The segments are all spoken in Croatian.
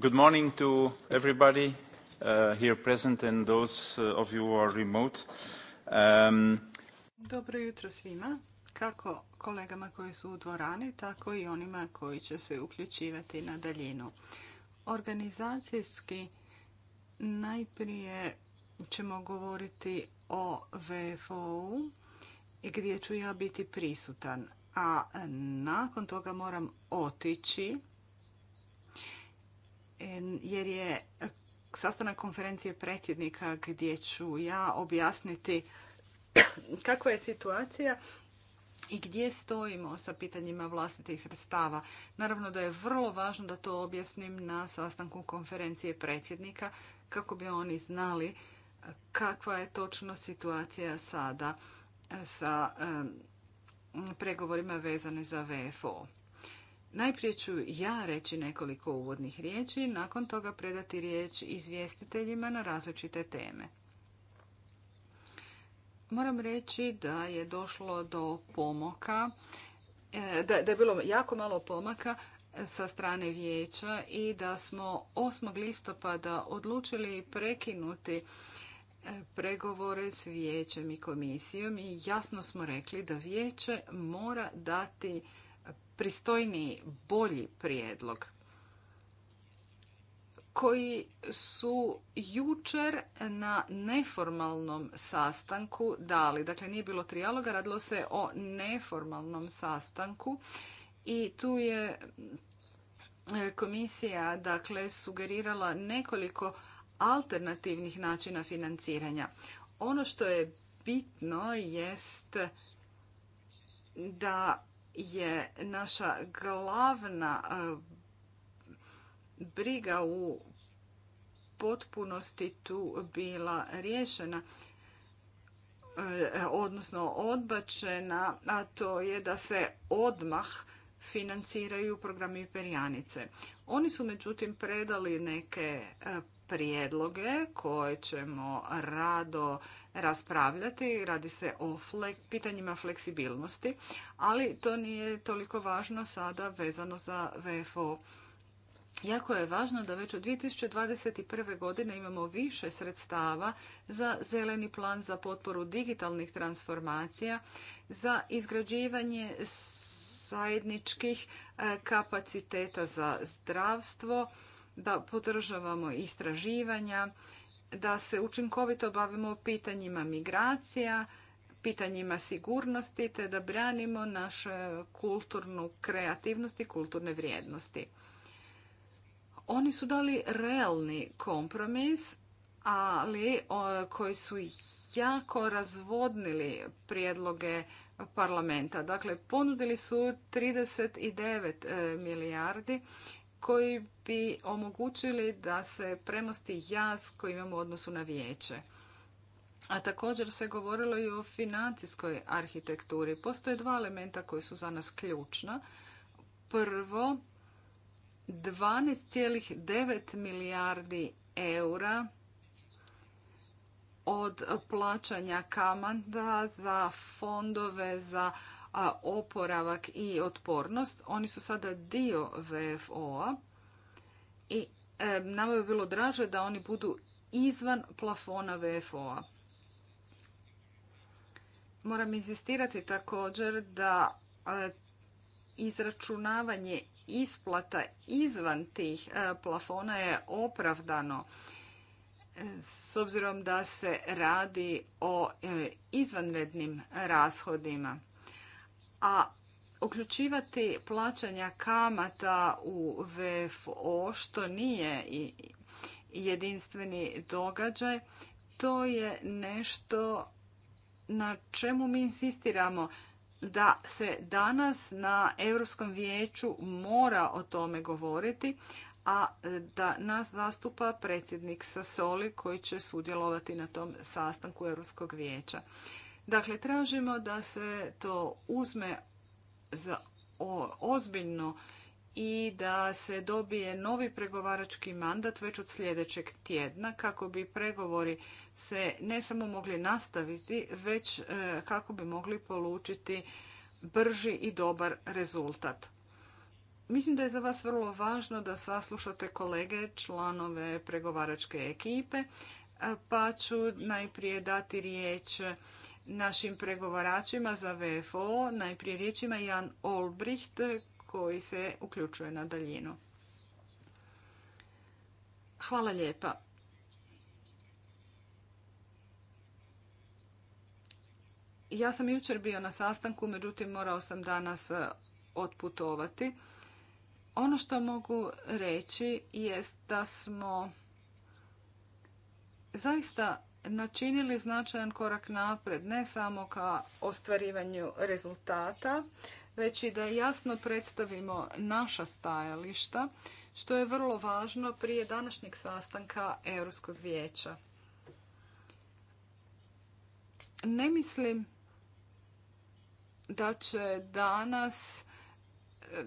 Good morning to everybody uh, here present and those uh, of you are remote. Um, Dobro jutro svima, kako kolegama koji su u dvorani, tako i onima koji će se uključivati na daljinu. Organizacijski najprije ćemo govoriti o VFO-u gdje ću ja biti prisutan, a nakon toga moram otići jer je sastanak konferencije predsjednika gdje ću ja objasniti kakva je situacija i gdje stojimo sa pitanjima vlastitih sredstava. Naravno da je vrlo važno da to objasnim na sastanku konferencije predsjednika kako bi oni znali kakva je točno situacija sada sa pregovorima vezane za VFO. Najprije ću ja reći nekoliko uvodnih riječi, nakon toga predati riječ izvjestiteljima na različite teme. Moram reći da je došlo do pomoka, e, da, da je bilo jako malo pomaka sa strane vijeća i da smo 8. listopada odlučili prekinuti e, pregovore s vijećem i komisijom i jasno smo rekli da vijeće mora dati pristojniji, bolji prijedlog koji su jučer na neformalnom sastanku dali. Dakle, nije bilo trijaloga, radilo se o neformalnom sastanku i tu je komisija dakle, sugerirala nekoliko alternativnih načina financiranja. Ono što je bitno jest da je naša glavna briga u potpunosti tu bila riješena e, odnosno odbačena, a to je da se odmah financiraju programi perjanice. Oni su međutim predali neke e, prijedloge koje ćemo rado raspravljati. Radi se o pitanjima fleksibilnosti, ali to nije toliko važno sada vezano za VFO. Jako je važno da već od 2021. godine imamo više sredstava za zeleni plan za potporu digitalnih transformacija, za izgrađivanje zajedničkih e, kapaciteta za zdravstvo, da podržavamo istraživanja, da se učinkovito bavimo pitanjima migracija, pitanjima sigurnosti te da branimo našu kulturnu kreativnost i kulturne vrijednosti. Oni su dali realni kompromis, ali koji su jako razvodnili prijedloge parlamenta. Dakle, ponudili su 39 e, milijardi koji bi omogućili da se premosti jaz koji imamo u odnosu na vijeće. A također se govorilo i o financijskoj arhitekturi. Postoje dva elementa koji su za nas ključna. Prvo, 12,9 milijardi eura od plaćanja kamanda za fondove za oporavak i otpornost. Oni su sada dio VFO-a i e, nama bilo draže da oni budu izvan plafona VFO-a. Moram insistirati također da e, izračunavanje isplata izvan tih e, plafona je opravdano e, s obzirom da se radi o izvanrednim rashodima a uključivati plaćanja kamata u VFO, što nije jedinstveni događaj, to je nešto na čemu mi insistiramo da se danas na Europskom vijeću mora o tome govoriti, a da nas zastupa predsjednik Sasoli koji će sudjelovati na tom sastanku Europskog vijeća. Dakle, tražimo da se to uzme za ozbiljno i da se dobije novi pregovarački mandat već od sljedećeg tjedna kako bi pregovori se ne samo mogli nastaviti, već e, kako bi mogli polučiti brži i dobar rezultat. Mislim da je za vas vrlo važno da saslušate kolege, članove pregovaračke ekipe, pa ću najprije dati riječ našim pregovaračima za VFO, najprije riječima Jan Olbricht koji se uključuje na daljinu. Hvala lijepa. Ja sam jučer bio na sastanku, međutim morao sam danas e, otputovati. Ono što mogu reći jest da smo zaista načinili značajan korak napred, ne samo ka ostvarivanju rezultata, već i da jasno predstavimo naša stajališta, što je vrlo važno prije današnjeg sastanka Europskog vijeća. Ne mislim da će danas eh,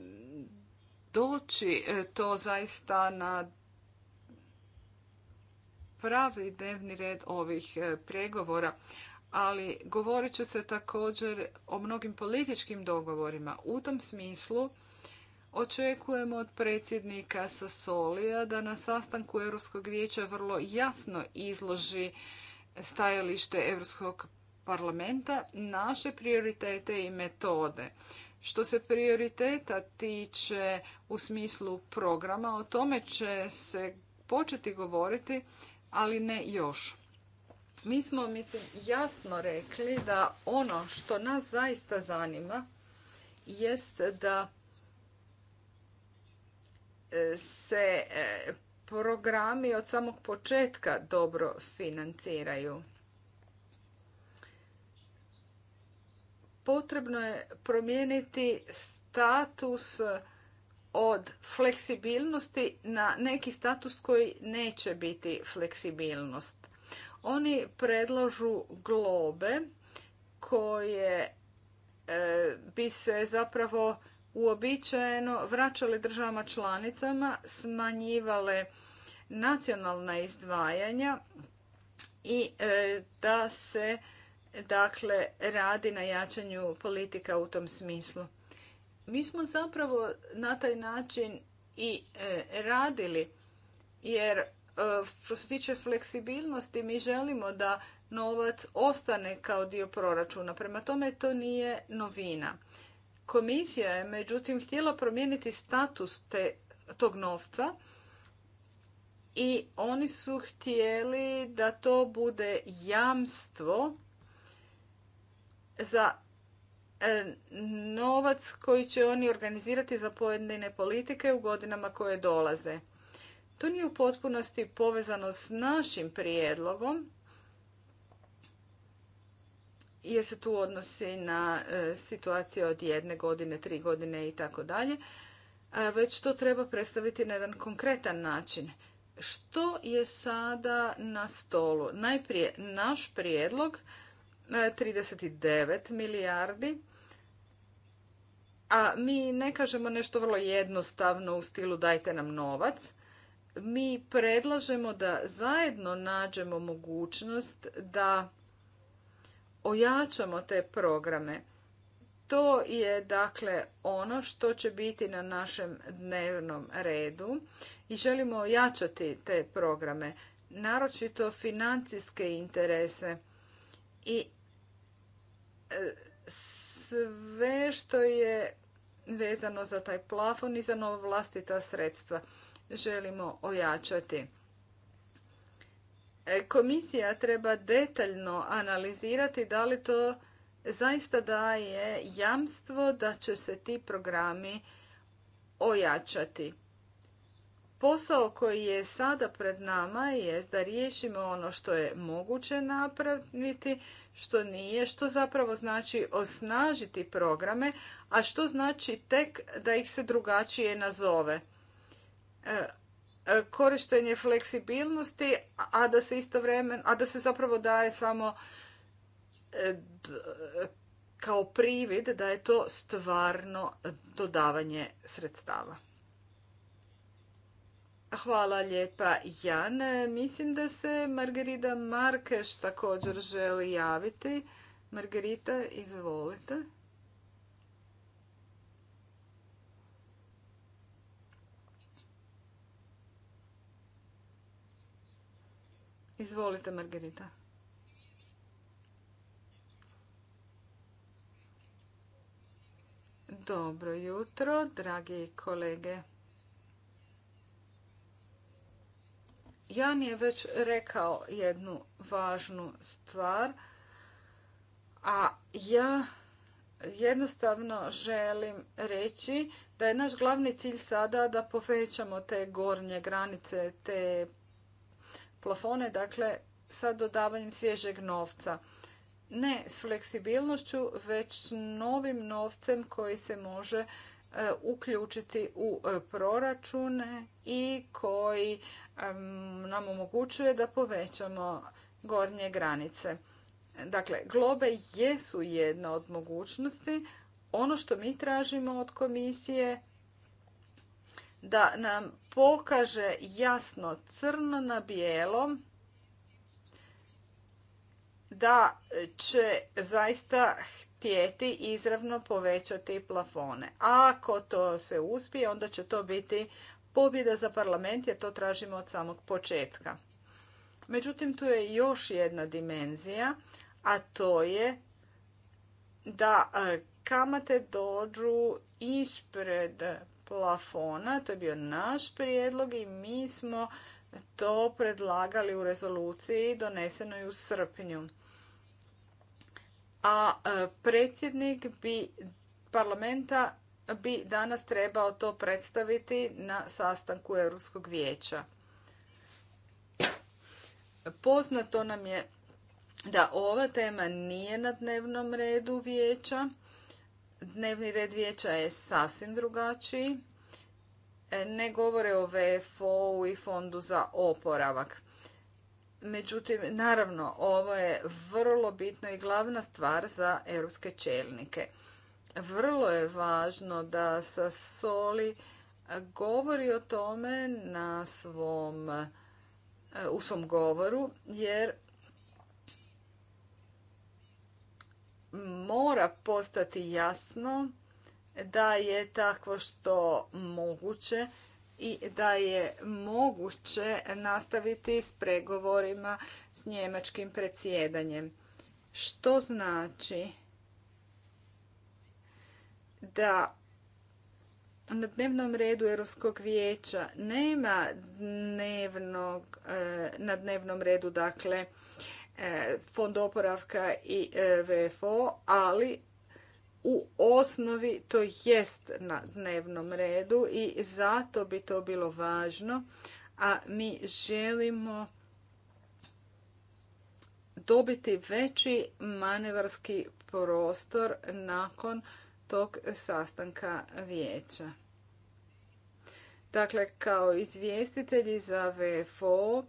doći eh, to zaista na pravi dnevni red ovih e, pregovora, ali govorit će se također o mnogim političkim dogovorima. U tom smislu očekujemo od predsjednika Sasolija da na sastanku Europskog vijeća vrlo jasno izloži stajalište Europskog parlamenta, naše prioritete i metode. Što se prioriteta tiče u smislu programa, o tome će se početi govoriti ali ne još. Mi smo, jasno rekli da ono što nas zaista zanima jest da e, se e, programi od samog početka dobro financiraju. Potrebno je promijeniti status od fleksibilnosti na neki status koji neće biti fleksibilnost. Oni predlažu globe koje e, bi se zapravo uobičajeno vraćale državama članicama, smanjivale nacionalna izdvajanja i e, da se dakle radi na jačanju politika u tom smislu. Mi smo zapravo na taj način i e, radili jer e, što se tiče fleksibilnosti mi želimo da novac ostane kao dio proračuna. Prema tome to nije novina. Komisija je međutim htjela promijeniti status te, tog novca i oni su htjeli da to bude jamstvo za E, novac koji će oni organizirati za pojedine politike u godinama koje dolaze. To nije u potpunosti povezano s našim prijedlogom, jer se tu odnosi na e, situacije od jedne godine, tri godine i tako dalje, već to treba predstaviti na jedan konkretan način. Što je sada na stolu? Najprije naš prijedlog 39 e, milijardi a mi ne kažemo nešto vrlo jednostavno u stilu dajte nam novac. Mi predlažemo da zajedno nađemo mogućnost da ojačamo te programe. To je dakle ono što će biti na našem dnevnom redu i želimo ojačati te programe, naročito financijske interese i e, sve što je vezano za taj plafon i za nova vlastita sredstva želimo ojačati. E, komisija treba detaljno analizirati da li to zaista daje jamstvo da će se ti programi ojačati. Posao koji je sada pred nama je da riješimo ono što je moguće napraviti, što nije, što zapravo znači osnažiti programe, a što znači tek da ih se drugačije nazove. E, e, korištenje fleksibilnosti, a da se istovremeno, a da se zapravo daje samo e, kao privid da je to stvarno dodavanje sredstava. Hvala lijepa Jan. Mislim da se Margarita Markeš također želi javiti. Margarita, izvolite. Izvolite Margarita. Dobro jutro, dragi kolege. Jan je već rekao jednu važnu stvar, a ja jednostavno želim reći da je naš glavni cilj sada da povećamo te gornje granice, te plafone, dakle sa dodavanjem svježeg novca. Ne s fleksibilnošću, već s novim novcem koji se može e, uključiti u e, proračune i koji nam omogućuje da povećamo gornje granice. Dakle, globe jesu jedna od mogućnosti. Ono što mi tražimo od komisije da nam pokaže jasno crno na bijelo da će zaista htjeti izravno povećati plafone. Ako to se uspije, onda će to biti pobjeda za parlament jer to tražimo od samog početka. Međutim, tu je još jedna dimenzija, a to je da e, kamate dođu ispred plafona. To je bio naš prijedlog i mi smo to predlagali u rezoluciji donesenoj u srpnju. A e, predsjednik bi parlamenta bi danas trebao to predstaviti na sastanku Europskog vijeća. Poznato nam je da ova tema nije na dnevnom redu vijeća. Dnevni red vijeća je sasvim drugačiji. E, ne govore o VFO-u i fondu za oporavak. Međutim, naravno, ovo je vrlo bitno i glavna stvar za europske čelnike. Vrlo je važno da soli. govori o tome na svom, u svom govoru, jer mora postati jasno da je takvo što moguće i da je moguće nastaviti s pregovorima s njemačkim predsjedanjem. Što znači da na dnevnom redu Europskog vijeća nema dnevnog, e, na dnevnom redu dakle e, fond oporavka i e, VFO, ali u osnovi to jest na dnevnom redu i zato bi to bilo važno, a mi želimo dobiti veći manevarski prostor nakon tog sastanka vijeća. Dakle, kao izvjestitelji za VFO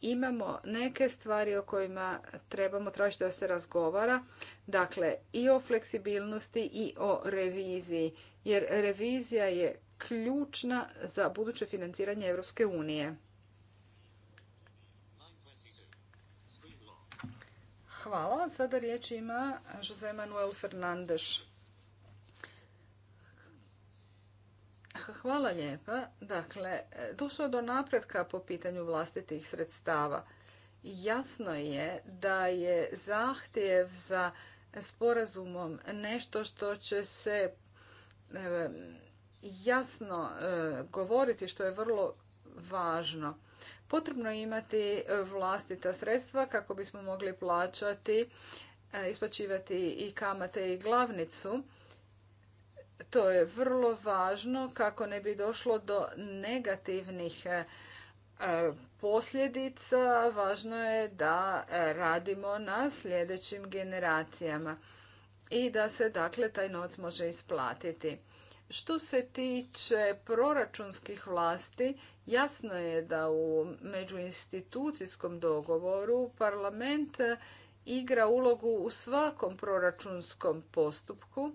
imamo neke stvari o kojima trebamo tražiti da se razgovara. Dakle, i o fleksibilnosti i o reviziji, jer revizija je ključna za buduće financiranje Europske unije. Hvala. Sada riječ ima Jose Manuel Fernandes. Hvala lijepa. Dakle, došlo do napretka po pitanju vlastitih sredstava. Jasno je da je zahtjev za sporazumom nešto što će se jasno e, govoriti što je vrlo važno. Potrebno je imati vlastita sredstva kako bismo mogli plaćati, e, isplaćivati i kamate i glavnicu to je vrlo važno kako ne bi došlo do negativnih e, posljedica. Važno je da e, radimo na sljedećim generacijama i da se dakle taj novac može isplatiti. Što se tiče proračunskih vlasti, jasno je da u međuinstitucijskom dogovoru parlament e, igra ulogu u svakom proračunskom postupku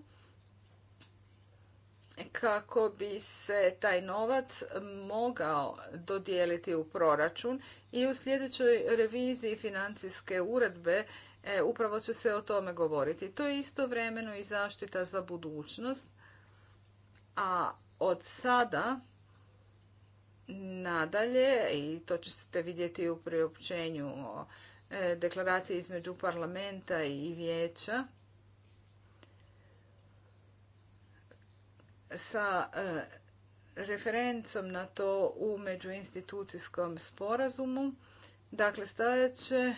kako bi se taj novac mogao dodijeliti u proračun i u sljedećoj reviziji financijske uredbe e, upravo će se o tome govoriti. To je istovremeno i zaštita za budućnost, a od sada nadalje, i to ćete vidjeti u priopćenju o e, deklaraciji između parlamenta i vijeća, sa e, referencom na to u međuinstitucijskom sporazumu. Dakle, stajat će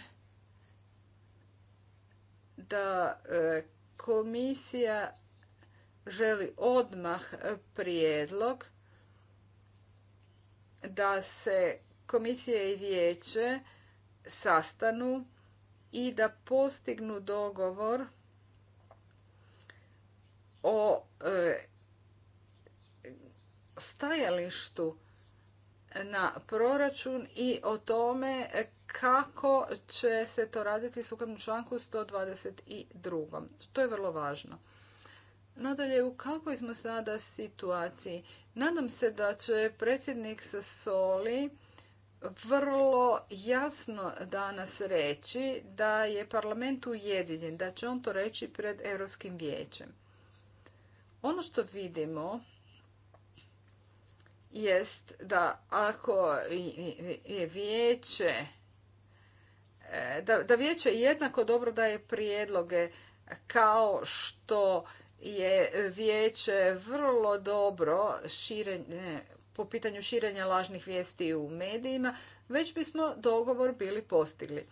da e, komisija želi odmah prijedlog da se komisije i vijeće sastanu i da postignu dogovor o e, stajalištu na proračun i o tome kako će se to raditi sukladno članku 122. To je vrlo važno. Nadalje, u kakvoj smo sada situaciji? Nadam se da će predsjednik soli vrlo jasno danas reći da je parlament ujedinjen, da će on to reći pred Europskim vijećem. Ono što vidimo jest da ako je vijeće e, da, vijeće jednako dobro daje prijedloge kao što je vijeće vrlo dobro širenje, po pitanju širenja lažnih vijesti u medijima, već bismo dogovor bili postigli.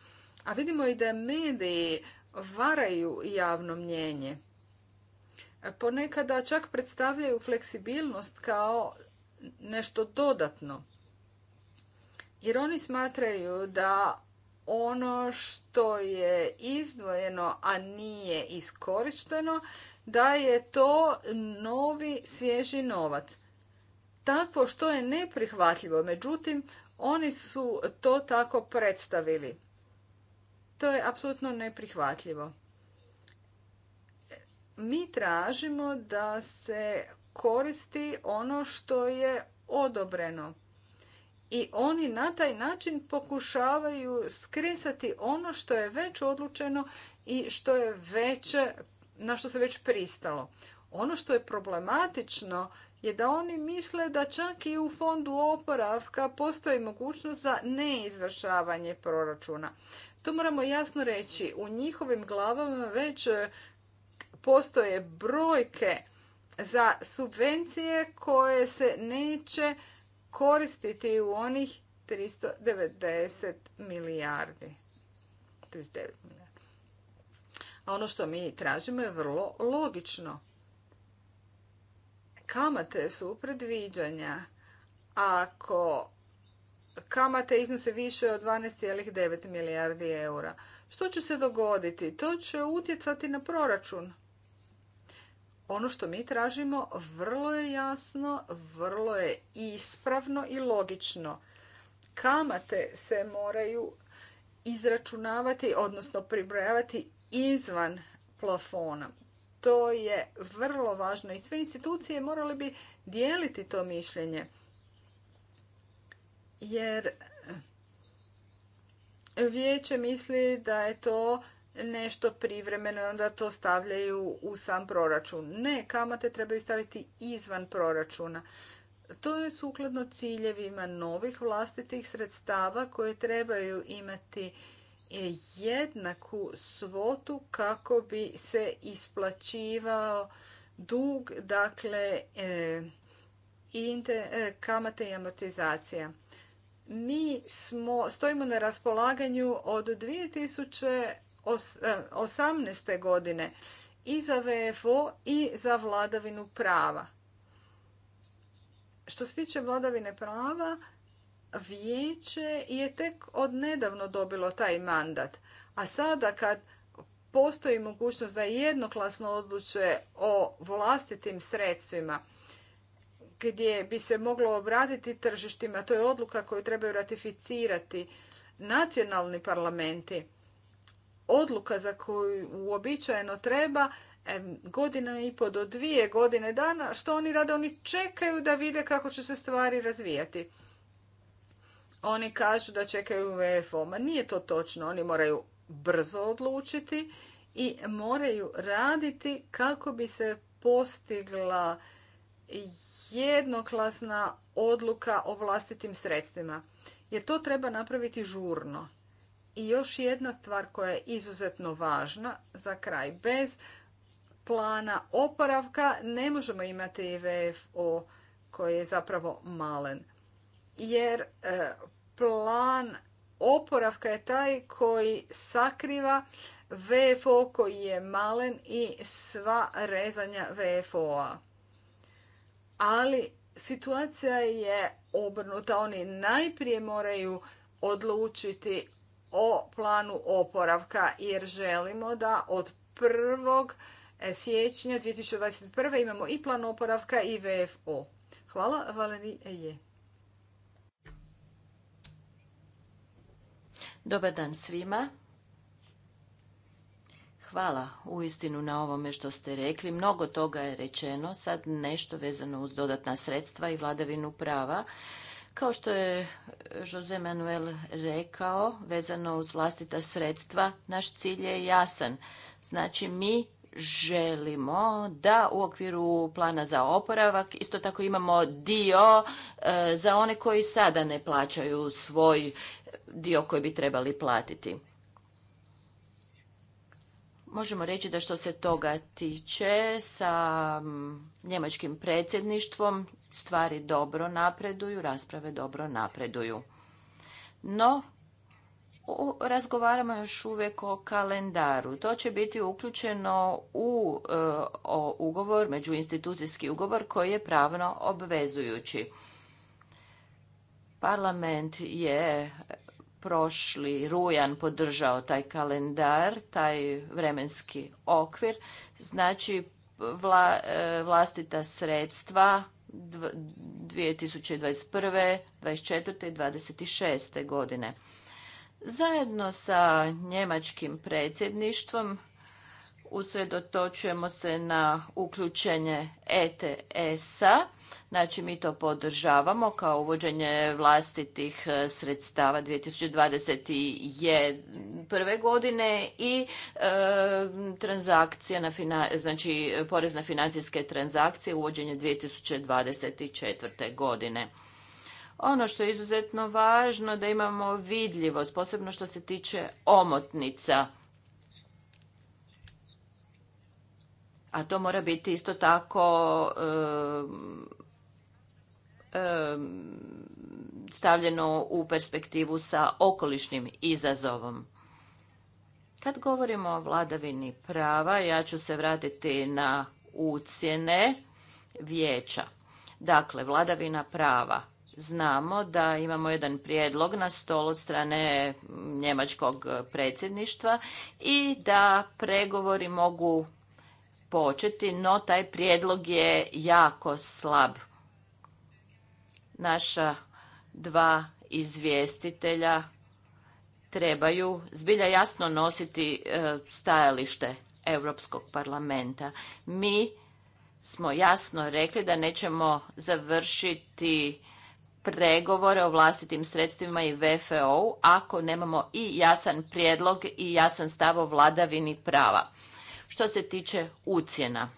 A vidimo i da mediji varaju javno mnjenje. Ponekada čak predstavljaju fleksibilnost kao nešto dodatno. Jer oni smatraju da ono što je izdvojeno, a nije iskorišteno, da je to novi svježi novac. Tako što je neprihvatljivo, međutim, oni su to tako predstavili. To je apsolutno neprihvatljivo. Mi tražimo da se koristi ono što je odobreno. I oni na taj način pokušavaju skresati ono što je već odlučeno i što je već, na što se već pristalo. Ono što je problematično je da oni misle da čak i u fondu oporavka postoji mogućnost za neizvršavanje proračuna. To moramo jasno reći. U njihovim glavama već postoje brojke za subvencije koje se neće koristiti u onih 390 milijardi. 39 milijardi. A ono što mi tražimo je vrlo logično. Kamate su predviđanja. Ako kamate iznose više od 12,9 milijardi eura, što će se dogoditi? To će utjecati na proračun ono što mi tražimo vrlo je jasno, vrlo je ispravno i logično. Kamate se moraju izračunavati, odnosno pribrojavati izvan plafona. To je vrlo važno i sve institucije morale bi dijeliti to mišljenje. Jer vijeće misli da je to nešto privremeno i onda to stavljaju u sam proračun. Ne, kamate trebaju staviti izvan proračuna. To je sukladno ciljevima novih vlastitih sredstava koje trebaju imati e, jednaku svotu kako bi se isplaćivao dug, dakle e, e, kamate i amortizacija. Mi smo, stojimo na raspolaganju od 2000 2018. E, godine i za VFO i za vladavinu prava. Što se tiče vladavine prava, vijeće je tek odnedavno dobilo taj mandat. A sada kad postoji mogućnost da jednoklasno odluče o vlastitim sredstvima, gdje bi se moglo obratiti tržištima, to je odluka koju trebaju ratificirati nacionalni parlamenti odluka za koju uobičajeno treba godina i po do dvije godine dana, što oni rade? Oni čekaju da vide kako će se stvari razvijati. Oni kažu da čekaju VFO, e ma nije to točno. Oni moraju brzo odlučiti i moraju raditi kako bi se postigla jednoklasna odluka o vlastitim sredstvima. Jer to treba napraviti žurno. I još jedna stvar koja je izuzetno važna za kraj. Bez plana oporavka ne možemo imati e VFO koji je zapravo malen. Jer e, plan oporavka je taj koji sakriva VFO koji je malen i sva rezanja VFO-a. Ali situacija je obrnuta. Oni najprije moraju odlučiti o planu oporavka jer želimo da od 1. E, siječnja 2021. imamo i plan oporavka i VFO. Hvala, Valeri e Dobar dan svima. Hvala uistinu na ovome što ste rekli. Mnogo toga je rečeno, sad nešto vezano uz dodatna sredstva i vladavinu prava. Kao što je Jose Manuel rekao, vezano uz vlastita sredstva, naš cilj je jasan. Znači, mi želimo da u okviru plana za oporavak isto tako imamo dio e, za one koji sada ne plaćaju svoj dio koji bi trebali platiti. Možemo reći da što se toga tiče sa njemačkim predsjedništvom stvari dobro napreduju, rasprave dobro napreduju. No, razgovaramo još uvijek o kalendaru. To će biti uključeno u ugovor e, među ugovor, međuinstitucijski ugovor koji je pravno obvezujući. Parlament je prošli rujan podržao taj kalendar, taj vremenski okvir. Znači, e, vlastita sredstva 2021., 24. i 2026. godine. Zajedno sa njemačkim predsjedništvom usredotočujemo se na uključenje ETS-a Znači mi to podržavamo kao uvođenje vlastitih e, sredstava 2021. godine i e, transakcija na fina, znači porez na financijske transakcije uvođenje 2024. godine. Ono što je izuzetno važno da imamo vidljivost, posebno što se tiče omotnica. A to mora biti isto tako e, stavljeno u perspektivu sa okolišnim izazovom. Kad govorimo o vladavini prava, ja ću se vratiti na ucijene vijeća. Dakle, vladavina prava. Znamo da imamo jedan prijedlog na stol od strane njemačkog predsjedništva i da pregovori mogu početi, no taj prijedlog je jako slab naša dva izvjestitelja trebaju zbilja jasno nositi e, stajalište Europskog parlamenta. Mi smo jasno rekli da nećemo završiti pregovore o vlastitim sredstvima i vfo ako nemamo i jasan prijedlog i jasan stav o vladavini prava. Što se tiče ucjena,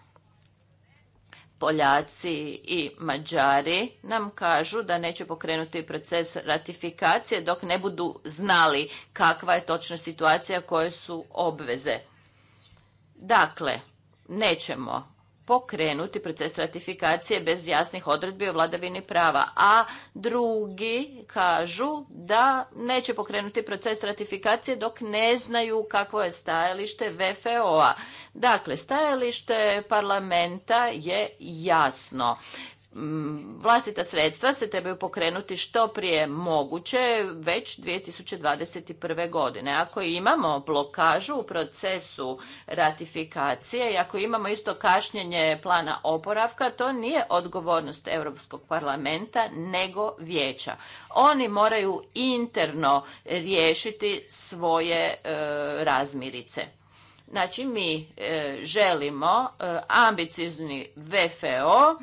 Poljaci i Mađari nam kažu da neće pokrenuti proces ratifikacije dok ne budu znali kakva je točna situacija, koje su obveze. Dakle, nećemo pokrenuti proces ratifikacije bez jasnih odredbi o vladavini prava, a drugi kažu da neće pokrenuti proces ratifikacije dok ne znaju kakvo je stajalište VFO-a. Dakle, stajalište parlamenta je jasno mm, vlastita sredstva se trebaju pokrenuti što prije moguće već 2021. godine. Ako imamo blokažu u procesu ratifikacije i ako imamo isto kašnjenje plana oporavka, to nije odgovornost Europskog parlamenta nego vijeća. Oni moraju interno riješiti svoje e, razmirice. Znači, mi e, želimo ambiciozni e, ambicizni VFO,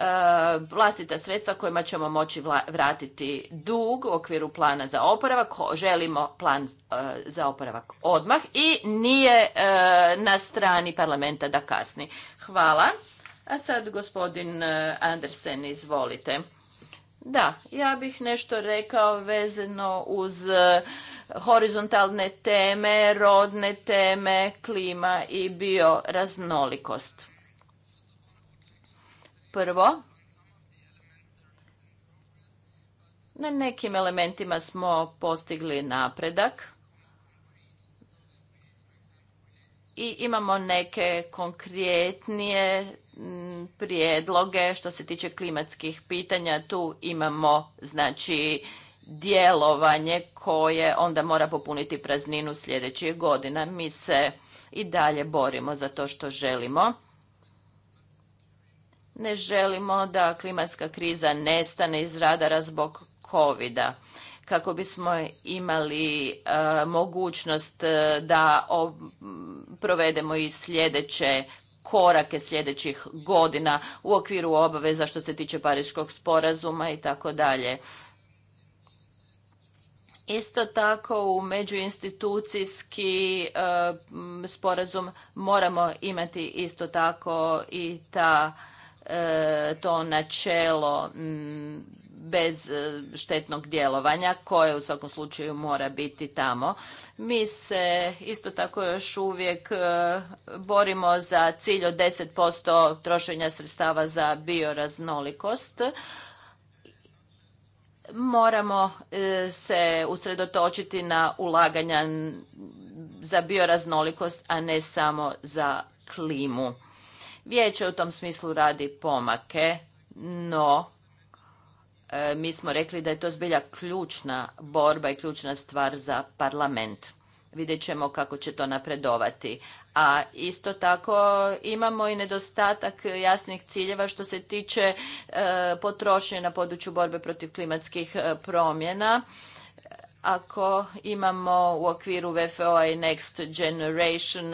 e, vlastita sredstva kojima ćemo moći vratiti dug u okviru plana za oporavak. Želimo plan za oporavak odmah i nije na strani parlamenta da kasni. Hvala. A sad gospodin Andersen, izvolite. Da, ja bih nešto rekao vezano uz e, horizontalne teme, rodne teme, klima i bioraznolikost. Prvo, na nekim elementima smo postigli napredak i imamo neke konkretnije Mm, prijedloge što se tiče klimatskih pitanja. Tu imamo znači djelovanje koje onda mora popuniti prazninu sljedećih godina. Mi se i dalje borimo za to što želimo. Ne želimo da klimatska kriza nestane iz radara zbog covid -a kako bismo imali e, mogućnost e, da provedemo i sljedeće korake sljedećih godina u okviru obaveza što se tiče Pariškog sporazuma i tako dalje. Isto tako u međuinstitucijski e, sporazum moramo imati isto tako i ta e, to načelo bez e, štetnog djelovanja koje u svakom slučaju mora biti tamo. Mi se isto tako još uvijek e, borimo za cilj od 10% trošenja sredstava za bioraznolikost. Moramo e, se usredotočiti na ulaganja za bioraznolikost, a ne samo za klimu. Vijeće u tom smislu radi pomake, no E, mi smo rekli da je to zbilja ključna borba i ključna stvar za parlament. Vidjet ćemo kako će to napredovati. A isto tako imamo i nedostatak jasnih ciljeva što se tiče e, potrošnje na području borbe protiv klimatskih e, promjena ako imamo u okviru vfo i Next Generation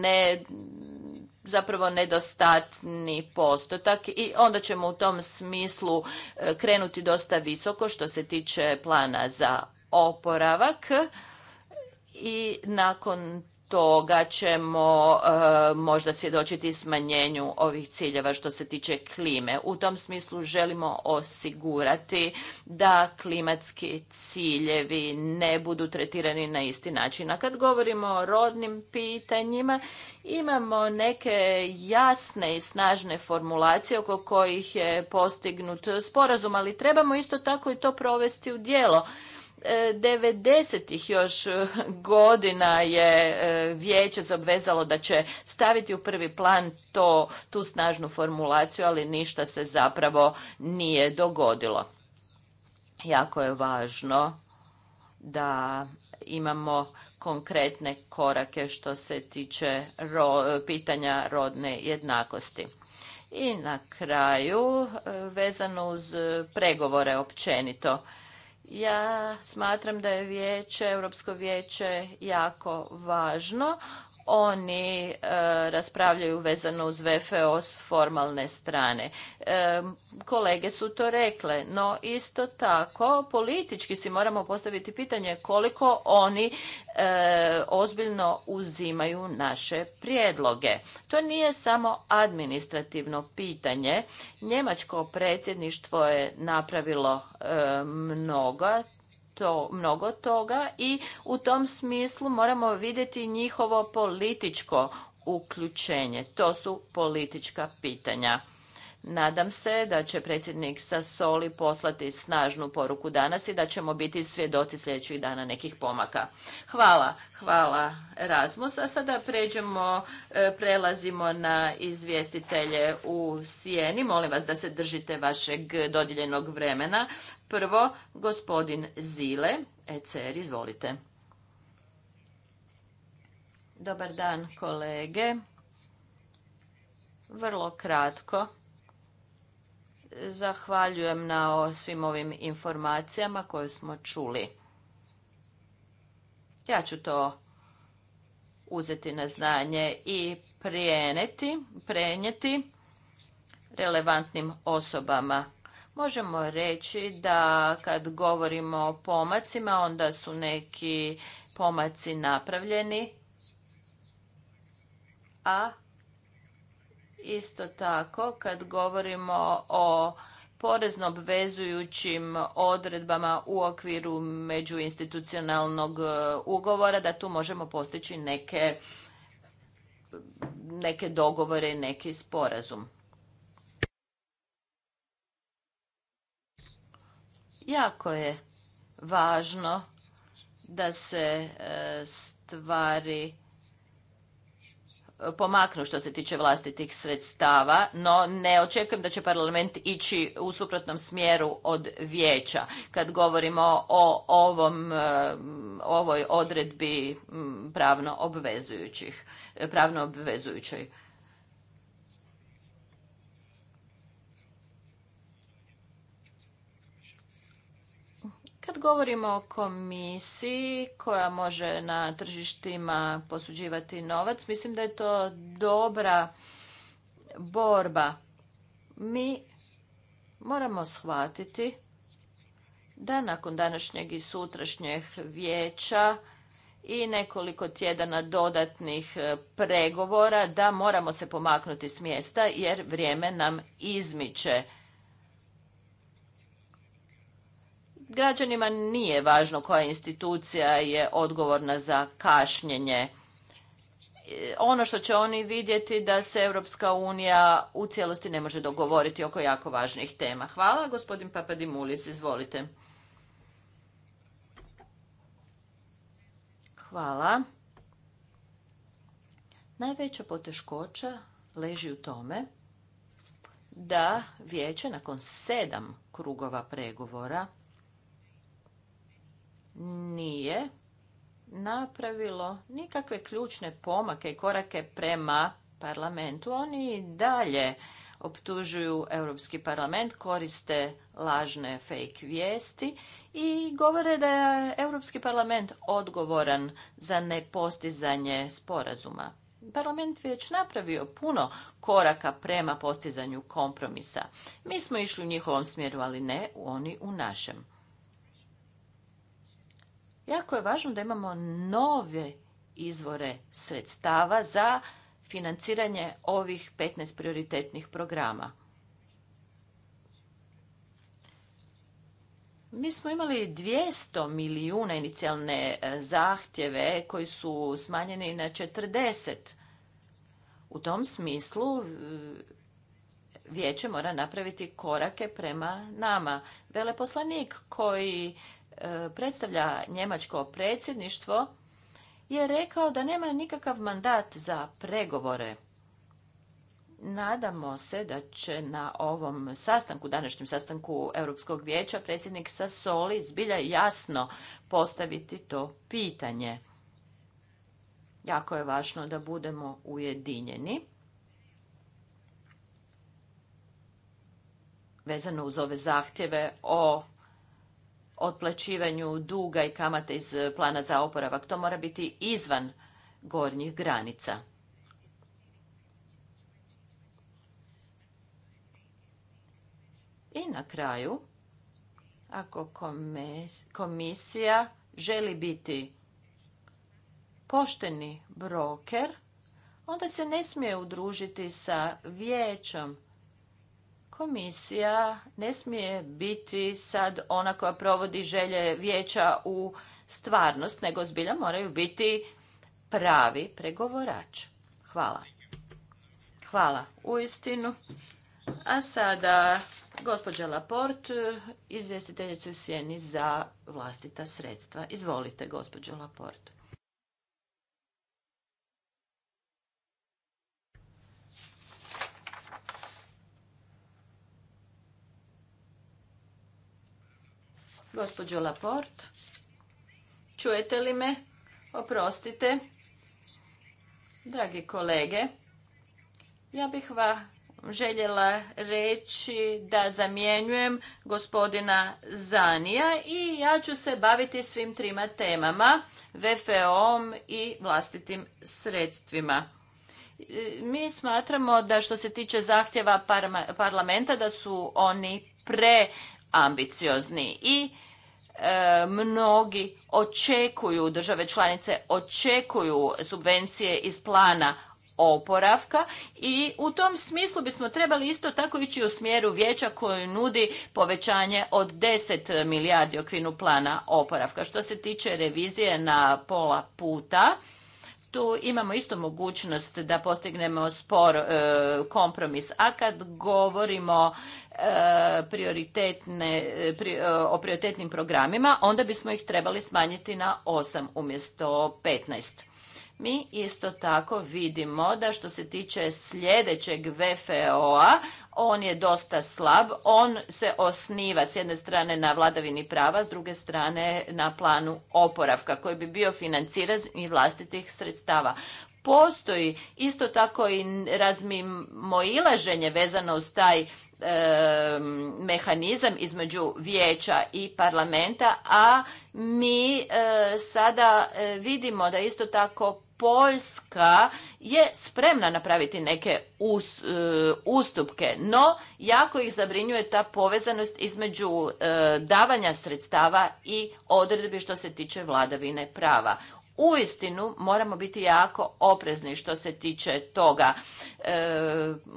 ne zapravo nedostatni postotak i onda ćemo u tom smislu e, krenuti dosta visoko što se tiče plana za oporavak i nakon toga ćemo e, možda svjedočiti smanjenju ovih ciljeva što se tiče klime. U tom smislu želimo osigurati da klimatski ciljevi ne budu tretirani na isti način. A kad govorimo o rodnim pitanjima, imamo neke jasne i snažne formulacije oko kojih je postignut sporazum, ali trebamo isto tako i to provesti u djelo 90-ih još e, godina je e, vijeće obvezalo da će staviti u prvi plan to, tu snažnu formulaciju, ali ništa se zapravo nije dogodilo. Jako je važno da imamo konkretne korake što se tiče pitanja rodne jednakosti. I na kraju, e, vezano uz pregovore općenito, ja smatram da je vijeće, Europsko vijeće jako važno oni e, raspravljaju vezano uz VFO s formalne strane. E, kolege su to rekle, no isto tako politički si moramo postaviti pitanje koliko oni e, ozbiljno uzimaju naše prijedloge. To nije samo administrativno pitanje. Njemačko predsjedništvo je napravilo mnogo to mnogo toga i u tom smislu moramo vidjeti njihovo političko uključenje. To su politička pitanja. Nadam se da će predsjednik Sassoli poslati snažnu poruku danas i da ćemo biti svjedoci sljedećih dana nekih pomaka. Hvala, hvala Rasmus. A sada pređemo, e, prelazimo na izvjestitelje u Sijeni. Molim vas da se držite vašeg dodijeljenog vremena. Prvo, gospodin Zile, ECR, izvolite. Dobar dan, kolege. Vrlo kratko. Zahvaljujem na svim ovim informacijama koje smo čuli. Ja ću to uzeti na znanje i prijeneti, prenijeti relevantnim osobama Možemo reći da kad govorimo o pomacima, onda su neki pomaci napravljeni, a isto tako kad govorimo o porezno obvezujućim odredbama u okviru međuinstitucionalnog e, ugovora da tu možemo postići neke, neke dogovore i neki sporazum. Jako je važno da se e, stvari e, pomaknu što se tiče vlastitih sredstava, no ne očekujem da će parlament ići u suprotnom smjeru od vijeća. Kad govorimo o ovom, e, ovoj odredbi pravno obvezujućih, pravno obvezujućoj. Kad govorimo o komisiji koja može na tržištima posuđivati novac, mislim da je to dobra borba. Mi moramo shvatiti da nakon današnjeg i sutrašnjeg vijeća i nekoliko tjedana dodatnih e, pregovora da moramo se pomaknuti s mjesta jer vrijeme nam izmiče. građanima nije važno koja institucija je odgovorna za kašnjenje. E, ono što će oni vidjeti da se Europska unija u cijelosti ne može dogovoriti oko jako važnih tema. Hvala, gospodin Papadimulis, izvolite. Hvala. Najveća poteškoća leži u tome da vijeće nakon sedam krugova pregovora nije napravilo nikakve ključne pomake i korake prema parlamentu. Oni i dalje optužuju Europski parlament, koriste lažne fake vijesti i govore da je Europski parlament odgovoran za nepostizanje sporazuma. Parlament već napravio puno koraka prema postizanju kompromisa. Mi smo išli u njihovom smjeru, ali ne oni u našem. Jako je važno da imamo nove izvore sredstava za financiranje ovih 15 prioritetnih programa. Mi smo imali 200 milijuna inicijalne e, zahtjeve koji su smanjeni na 40. U tom smislu e, vijeće mora napraviti korake prema nama. Veleposlanik koji E, predstavlja njemačko predsjedništvo je rekao da nema nikakav mandat za pregovore. Nadamo se da će na ovom sastanku, današnjem sastanku Europskog vijeća, predsjednik Sassoli zbilja jasno postaviti to pitanje. Jako je važno da budemo ujedinjeni. Vezano uz ove zahtjeve o otplaćivanju duga i kamate iz plana za oporavak. To mora biti izvan gornjih granica. I na kraju, ako komisija želi biti pošteni broker, onda se ne smije udružiti sa vijećom Komisija ne smije biti sad ona koja provodi želje vijeća u stvarnost, nego zbilja moraju biti pravi pregovorač. Hvala. Hvala u istinu. A sada gospođa Laport, izvjestiteljica u sjeni za vlastita sredstva. Izvolite, gospođo Laport. Gospođo Laport, čujete li me? Oprostite. Dragi kolege, ja bih vam željela reći da zamjenjujem gospodina Zanija i ja ću se baviti svim trima temama, VFO-om i vlastitim sredstvima. Mi smatramo da što se tiče zahtjeva parlamenta da su oni pre ambiciozni i e, mnogi očekuju, države članice očekuju subvencije iz plana oporavka i u tom smislu bismo trebali isto tako ići u smjeru vijeća koji nudi povećanje od 10 milijardi okvinu plana oporavka. Što se tiče revizije na pola puta, tu imamo isto mogućnost da postignemo spor e, kompromis. A kad govorimo E, prioritetne, e, e, o prioritetnim programima, onda bismo ih trebali smanjiti na 8 umjesto 15. Mi isto tako vidimo da što se tiče sljedećeg VFO-a, on je dosta slab, on se osniva s jedne strane na vladavini prava, s druge strane na planu oporavka koji bi bio financiran i vlastitih sredstava postoji isto tako i razmimoilaženje vezano uz taj mehanizam između vijeća i parlamenta, a mi e, sada e, vidimo da isto tako Poljska je spremna napraviti neke e, ustupke, no jako ih zabrinjuje ta povezanost između davanja sredstava i odredbi što se tiče vladavine prava. Uistinu moramo biti jako oprezni što se tiče toga.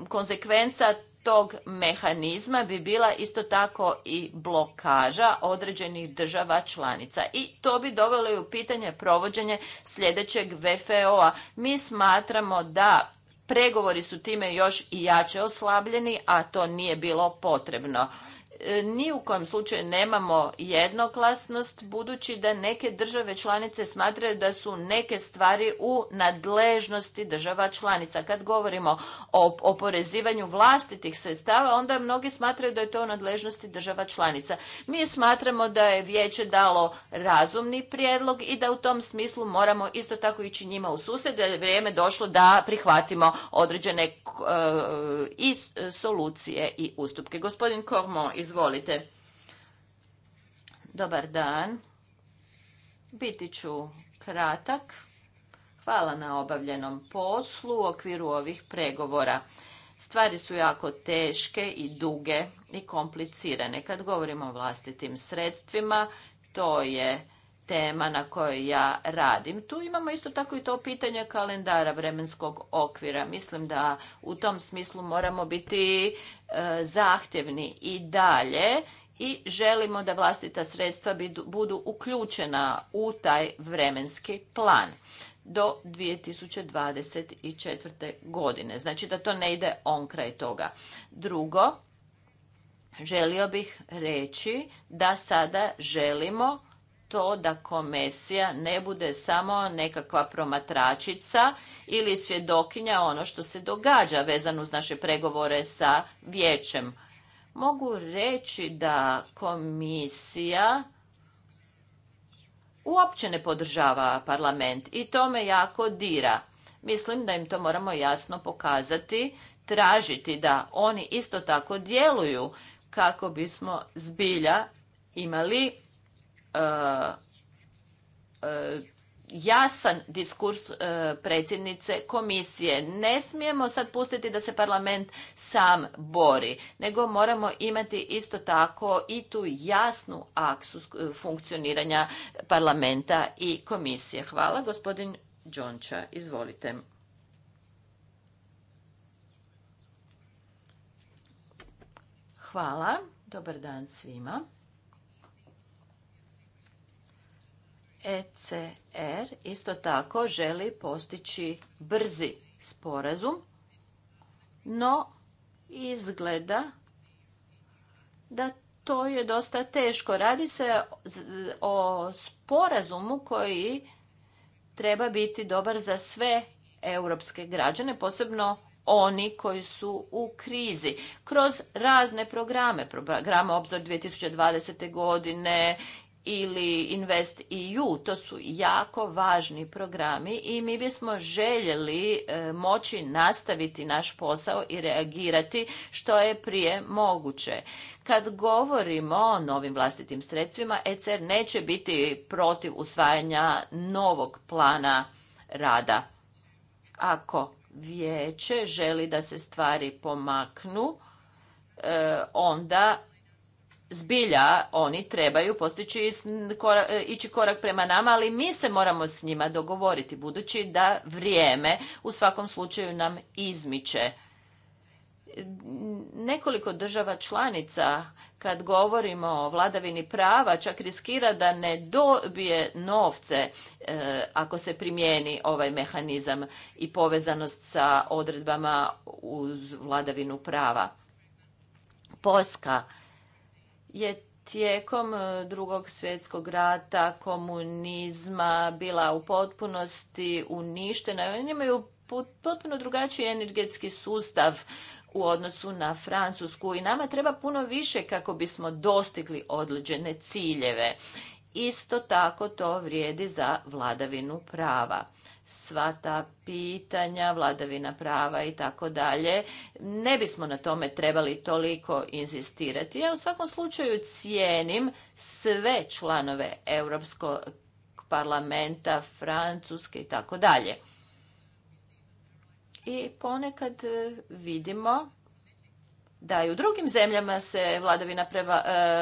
konsekvenca tog mehanizma bi bila isto tako i blokaža određenih država članica i to bi dovelo i u pitanje provođenje sljedećeg VFO-a. Mi smatramo da pregovori su time još i jače oslabljeni, a to nije bilo potrebno. E, ni u kojem slučaju nemamo jednoklasnost budući da neke države članice smatraju da su neke stvari u nadležnosti država članica. Kad govorimo o oporezivanju vlastitih sredstava, onda mnogi smatraju da je to u nadležnosti država članica. Mi smatramo da je vijeće dalo razumni prijedlog i da u tom smislu moramo isto tako ići njima u susret da je vrijeme došlo da prihvatimo određene e, i solucije i ustupke. Gospodin Kormo iz Izvolite. Dobar dan. Biti ću kratak. Hvala na obavljenom poslu u okviru ovih pregovora. Stvari su jako teške i duge i komplicirane. Kad govorimo o vlastitim sredstvima, to je tema na kojoj ja radim. Tu imamo isto tako i to pitanje kalendara vremenskog okvira. Mislim da u tom smislu moramo biti E, zahtjevni i dalje i želimo da vlastita sredstva budu uključena u taj vremenski plan do 2024. godine. Znači da to ne ide on kraj toga. Drugo, želio bih reći da sada želimo to da komisija ne bude samo nekakva promatračica ili svjedokinja ono što se događa vezano uz naše pregovore sa vijećem. Mogu reći da komisija uopće ne podržava parlament i to me jako dira. Mislim da im to moramo jasno pokazati, tražiti da oni isto tako djeluju kako bismo zbilja imali E, e, jasan diskurs e, predsjednice komisije. Ne smijemo sad pustiti da se parlament sam bori, nego moramo imati isto tako i tu jasnu aksu funkcioniranja parlamenta i komisije. Hvala, gospodin Đonča. Izvolite. Hvala. Dobar dan svima. ECR isto tako želi postići brzi sporazum, no izgleda da to je dosta teško. Radi se o sporazumu koji treba biti dobar za sve europske građane, posebno oni koji su u krizi. Kroz razne programe, programa Obzor 2020. godine ili Invest EU, to su jako važni programi i mi bismo željeli e, moći nastaviti naš posao i reagirati što je prije moguće. Kad govorimo o novim vlastitim sredstvima, ECR neće biti protiv usvajanja novog plana rada. Ako vijeće želi da se stvari pomaknu, e, onda zbilja oni trebaju postići e, ići korak prema nama, ali mi se moramo s njima dogovoriti, budući da vrijeme u svakom slučaju nam izmiče. Nekoliko država članica, kad govorimo o vladavini prava, čak riskira da ne dobije novce e, ako se primijeni ovaj mehanizam i povezanost sa odredbama uz vladavinu prava. Poljska je tijekom e, drugog svjetskog rata komunizma bila u potpunosti uništena. Oni imaju potpuno drugačiji energetski sustav u odnosu na Francusku i nama treba puno više kako bismo dostigli određene ciljeve. Isto tako to vrijedi za vladavinu prava sva ta pitanja, vladavina prava i tako dalje. Ne bismo na tome trebali toliko inzistirati. Ja u svakom slučaju cijenim sve članove Europskog parlamenta, Francuske i tako dalje. I ponekad e, vidimo da i u drugim zemljama se vladavina e,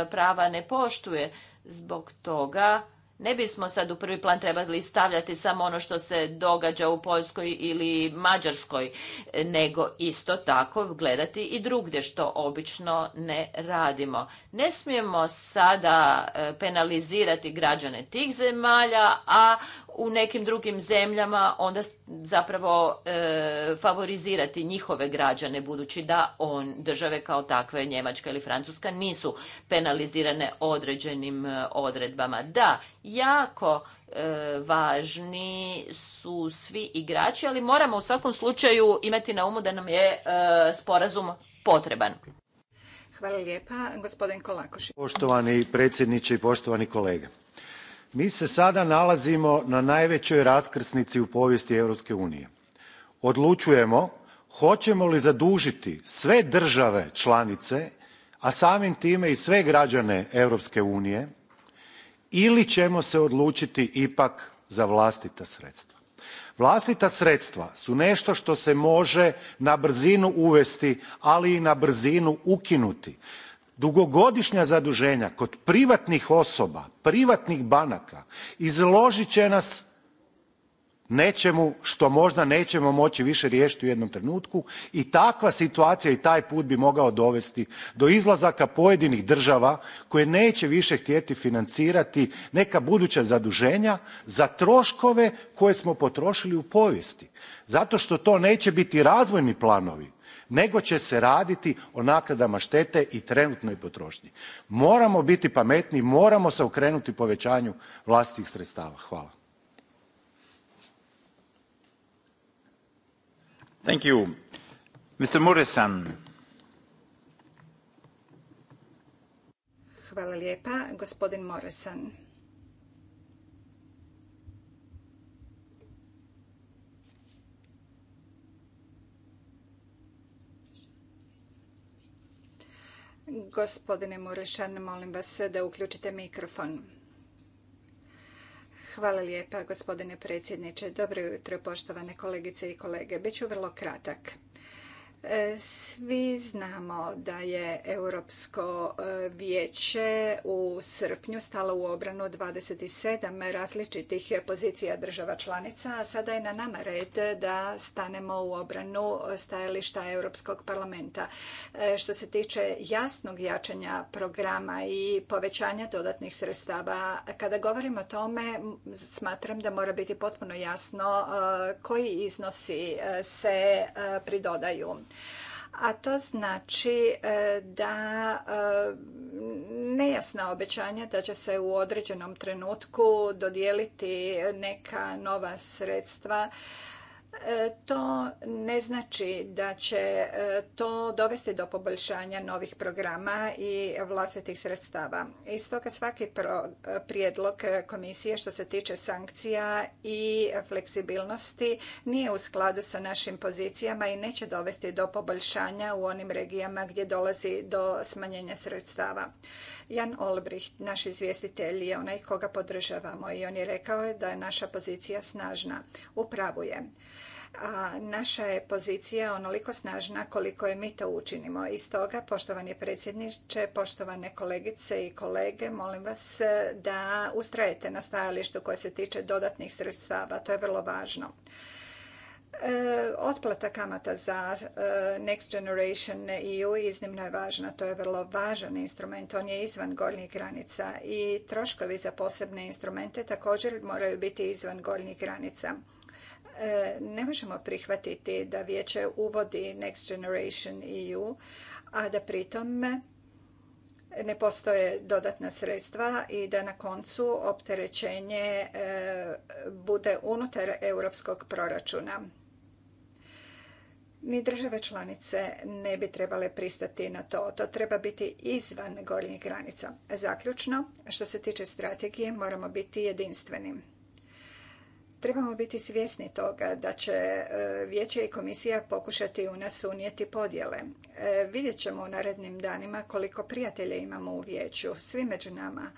prava ne poštuje. Zbog toga ne bismo sad u prvi plan trebali stavljati samo ono što se događa u Poljskoj ili Mađarskoj, nego isto tako gledati i drugdje što obično ne radimo. Ne smijemo sada e, penalizirati građane tih zemalja, a u nekim drugim zemljama onda zapravo e, favorizirati njihove građane budući da on države kao takve Njemačka ili Francuska nisu penalizirane određenim e, odredbama. Da, jako e, važni su svi igrači, ali moramo u svakom slučaju imati na umu da nam je e, sporazum potreban. Hvala lijepa, gospodin Kolakoši. Poštovani predsjedniče i poštovani kolege. Mi se sada nalazimo na najvećoj raskrsnici u povijesti Europske unije. Odlučujemo hoćemo li zadužiti sve države članice, a samim time i sve građane Europske unije ili ćemo se odlučiti ipak za vlastita sredstva. Vlastita sredstva su nešto što se može na brzinu uvesti, ali i na brzinu ukinuti. Dugogodišnja zaduženja kod privatnih osoba, privatnih banaka izložit će nas nečemu što možda nećemo moći više riješiti u jednom trenutku i takva situacija i taj put bi mogao dovesti do izlazaka pojedinih država koje neće više htjeti financirati neka buduća zaduženja za troškove koje smo potrošili u povijesti zato što to neće biti razvojni planovi nego će se raditi o naknadama štete i trenutnoj potrošnji. Moramo biti pametni, moramo se okrenuti povećanju vlastitih sredstava. Hvala. Thank you. Mr. Hvala lijepa, gospodin Moresan. Gospodine Murešan, molim vas da uključite mikrofon. Hvala lijepa, gospodine predsjedniče. Dobro jutro, poštovane kolegice i kolege. Biću vrlo kratak. E, svi znamo da je Europsko e, vijeće u srpnju stalo u obranu 27 različitih pozicija država članica, a sada je na nama red da stanemo u obranu stajališta Europskog parlamenta. E, što se tiče jasnog jačanja programa i povećanja dodatnih sredstava, kada govorim o tome, smatram da mora biti potpuno jasno koji iznosi se pridodaju a to znači e, da e, nejasna obećanja da će se u određenom trenutku dodijeliti neka nova sredstva E, to ne znači da će e, to dovesti do poboljšanja novih programa i vlastitih sredstava. I stoga svaki e, prijedlog komisije što se tiče sankcija i fleksibilnosti nije u skladu sa našim pozicijama i neće dovesti do poboljšanja u onim regijama gdje dolazi do smanjenja sredstava. Jan Olbricht, naš izvjestitelj, je onaj koga podržavamo i on je rekao da je naša pozicija snažna. Upravo je. naša je pozicija onoliko snažna koliko je mi to učinimo. I stoga, poštovani predsjedniče, poštovane kolegice i kolege, molim vas e, da ustrajete na stajalištu koje se tiče dodatnih sredstava. To je vrlo važno. E, otplata kamata za e, Next Generation EU iznimno je važna. To je vrlo važan instrument. On je izvan gornjih granica i troškovi za posebne instrumente također moraju biti izvan gornjih granica. E, ne možemo prihvatiti da vijeće uvodi Next Generation EU, a da pritom ne postoje dodatna sredstva i da na koncu opterećenje bude unutar europskog proračuna ni države članice ne bi trebale pristati na to. To treba biti izvan gornjih granica. Zaključno, što se tiče strategije, moramo biti jedinstveni. Trebamo biti svjesni toga da će e, Vijeće i komisija pokušati u nas unijeti podjele. E, vidjet ćemo u narednim danima koliko prijatelja imamo u Vijeću, svi među nama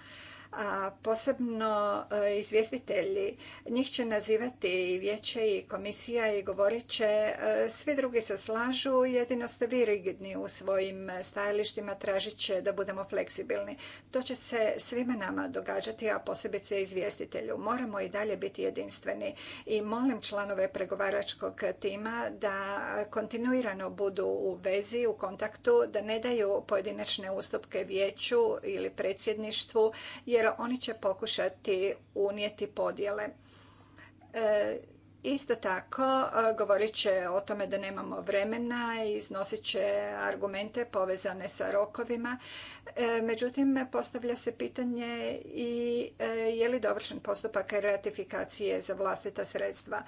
a posebno e, izvjestitelji, njih će nazivati i vijeće i komisija i govorit će e, svi drugi se slažu, jedino ste vi rigidni u svojim stajalištima, tražit će da budemo fleksibilni. To će se svima nama događati, a posebice izvjestitelju. Moramo i dalje biti jedinstveni i molim članove pregovaračkog tima da kontinuirano budu u vezi, u kontaktu, da ne daju pojedinačne ustupke vijeću ili predsjedništvu, jer jer oni će pokušati unijeti podjele. E, isto tako, e, govorit će o tome da nemamo vremena i iznosit će argumente povezane sa rokovima. E, međutim, postavlja se pitanje i je li dovršen postupak ratifikacije za vlastita sredstva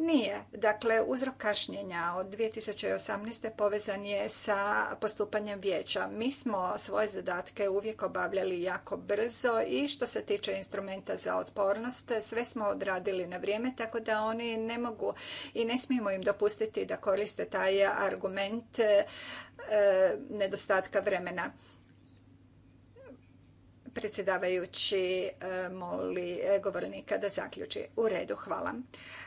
nije. Dakle, uzrok kašnjenja od 2018. povezan je sa postupanjem vijeća. Mi smo svoje zadatke uvijek obavljali jako brzo i što se tiče instrumenta za otpornost, sve smo odradili na vrijeme, tako da oni ne mogu i ne smijemo im dopustiti da koriste taj argument e, nedostatka vremena predsjedavajući e, moli e, govornika da zaključi. U redu, hvala.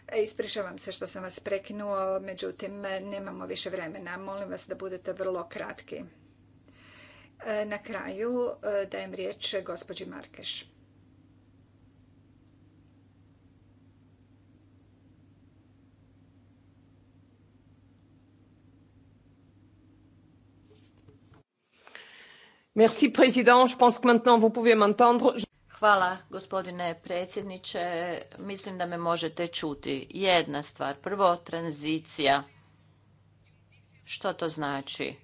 E, ispričavam se što sam vas prekinuo, međutim nemamo više vremena. Molim vas da budete vrlo kratki. Na kraju dajem riječ gospođi Markeš. Merci, président. Je pense que maintenant Hvala, gospodine predsjedniče. Mislim da me možete čuti. Jedna stvar. Prvo, tranzicija. Što to znači?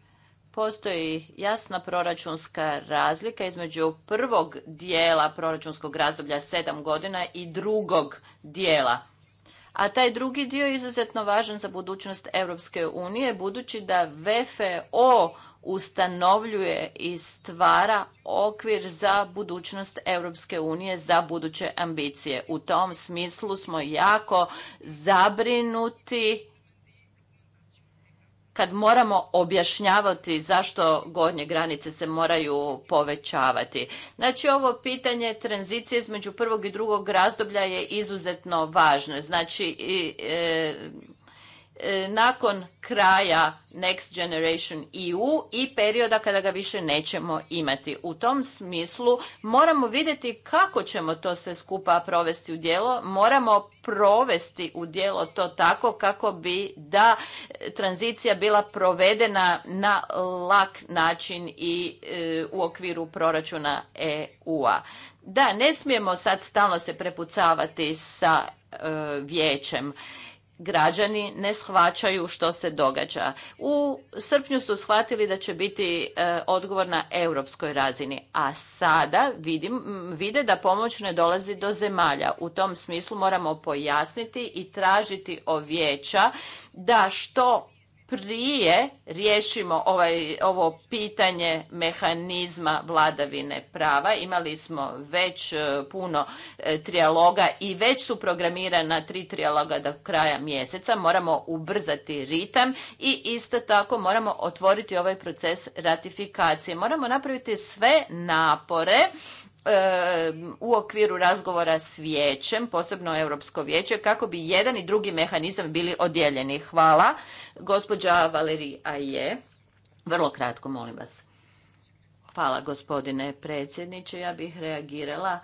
Postoji jasna proračunska razlika između prvog dijela proračunskog razdoblja sedam godina i drugog dijela a taj drugi dio je izuzetno važan za budućnost Europske unije, budući da VFO ustanovljuje i stvara okvir za budućnost Europske unije za buduće ambicije. U tom smislu smo jako zabrinuti kad moramo objašnjavati zašto gornje granice se moraju povećavati. Znači ovo pitanje tranzicije između prvog i drugog razdoblja je izuzetno važno. Znači i, e, E, nakon kraja Next Generation EU i perioda kada ga više nećemo imati. U tom smislu moramo vidjeti kako ćemo to sve skupa provesti u djelo, moramo provesti u djelo to tako kako bi da tranzicija bila provedena na lak način i e, u okviru proračuna EU-a. Da, ne smijemo sad stalno se prepucavati sa e, vijećem građani ne shvaćaju što se događa. U srpnju su shvatili da će biti e, odgovor na europskoj razini, a sada vidim, vide da pomoć ne dolazi do zemalja. U tom smislu moramo pojasniti i tražiti od vijeća da što prije riješimo ovaj, ovo pitanje mehanizma vladavine prava. Imali smo već e, puno e, trijaloga i već su programirana tri trijaloga do kraja mjeseca. Moramo ubrzati ritam i isto tako moramo otvoriti ovaj proces ratifikacije. Moramo napraviti sve napore u okviru razgovora s vijećem, posebno Europsko vijeće, kako bi jedan i drugi mehanizam bili odjeljeni. Hvala. Gospođa Valerij Aje. Vrlo kratko, molim vas. Hvala, gospodine predsjedniče. Ja bih reagirala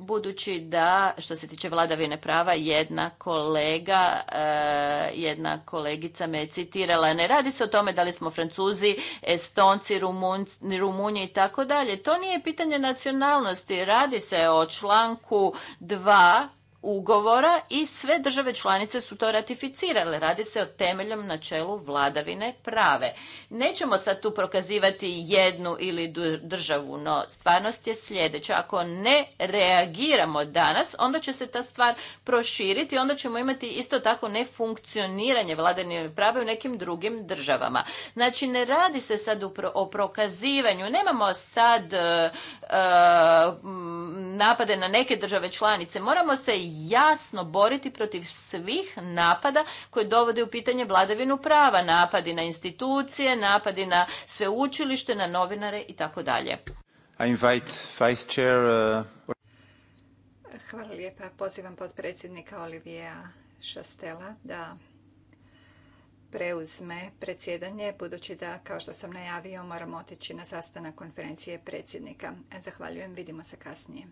budući da što se tiče vladavine prava jedna kolega, eh, jedna kolegica me citirala, ne radi se o tome da li smo Francuzi, Estonci, Rumunji i tako dalje. To nije pitanje nacionalnosti, radi se o članku dva ugovora i sve države članice su to ratificirale. Radi se o temeljom načelu vladavine prave. Nećemo sad tu prokazivati jednu ili državu, no stvarnost je sljedeća. Ako ne reagiramo danas, onda će se ta stvar proširiti, onda ćemo imati isto tako nefunkcioniranje vladavine prave u nekim drugim državama. Znači, ne radi se sad o prokazivanju. Nemamo sad e, e, napade na neke države članice. Moramo se jasno boriti protiv svih napada koji dovode u pitanje vladavinu prava, napadi na institucije, napadi na sveučilište, na novinare i tako dalje. Uh, Hvala lijepa. Pozivam podpredsjednika Olivija Šastela da preuzme predsjedanje, budući da, kao što sam najavio, moramo otići na sastanak konferencije predsjednika. Zahvaljujem, vidimo se kasnije.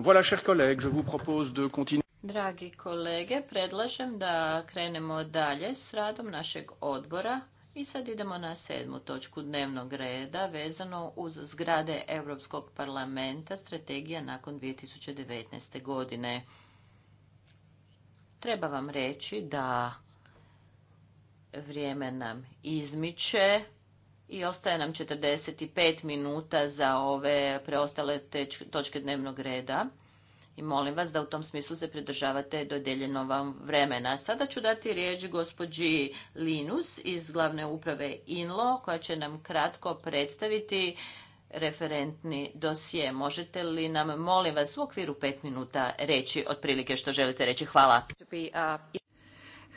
Voilà, chers collègues, je vous propose de continuer. Dragi kolege, predlažem da krenemo dalje s radom našeg odbora i sad idemo na sedmu točku dnevnog reda vezano uz zgrade Europskog parlamenta strategija nakon 2019. godine. Treba vam reći da vrijeme nam izmiče i ostaje nam 45 minuta za ove preostale točke dnevnog reda. I molim vas da u tom smislu se pridržavate dodeljeno vam vremena. Sada ću dati riječ gospođi Linus iz glavne uprave INLO koja će nam kratko predstaviti referentni dosije. Možete li nam, molim vas, u okviru pet minuta reći otprilike što želite reći? Hvala. Uh,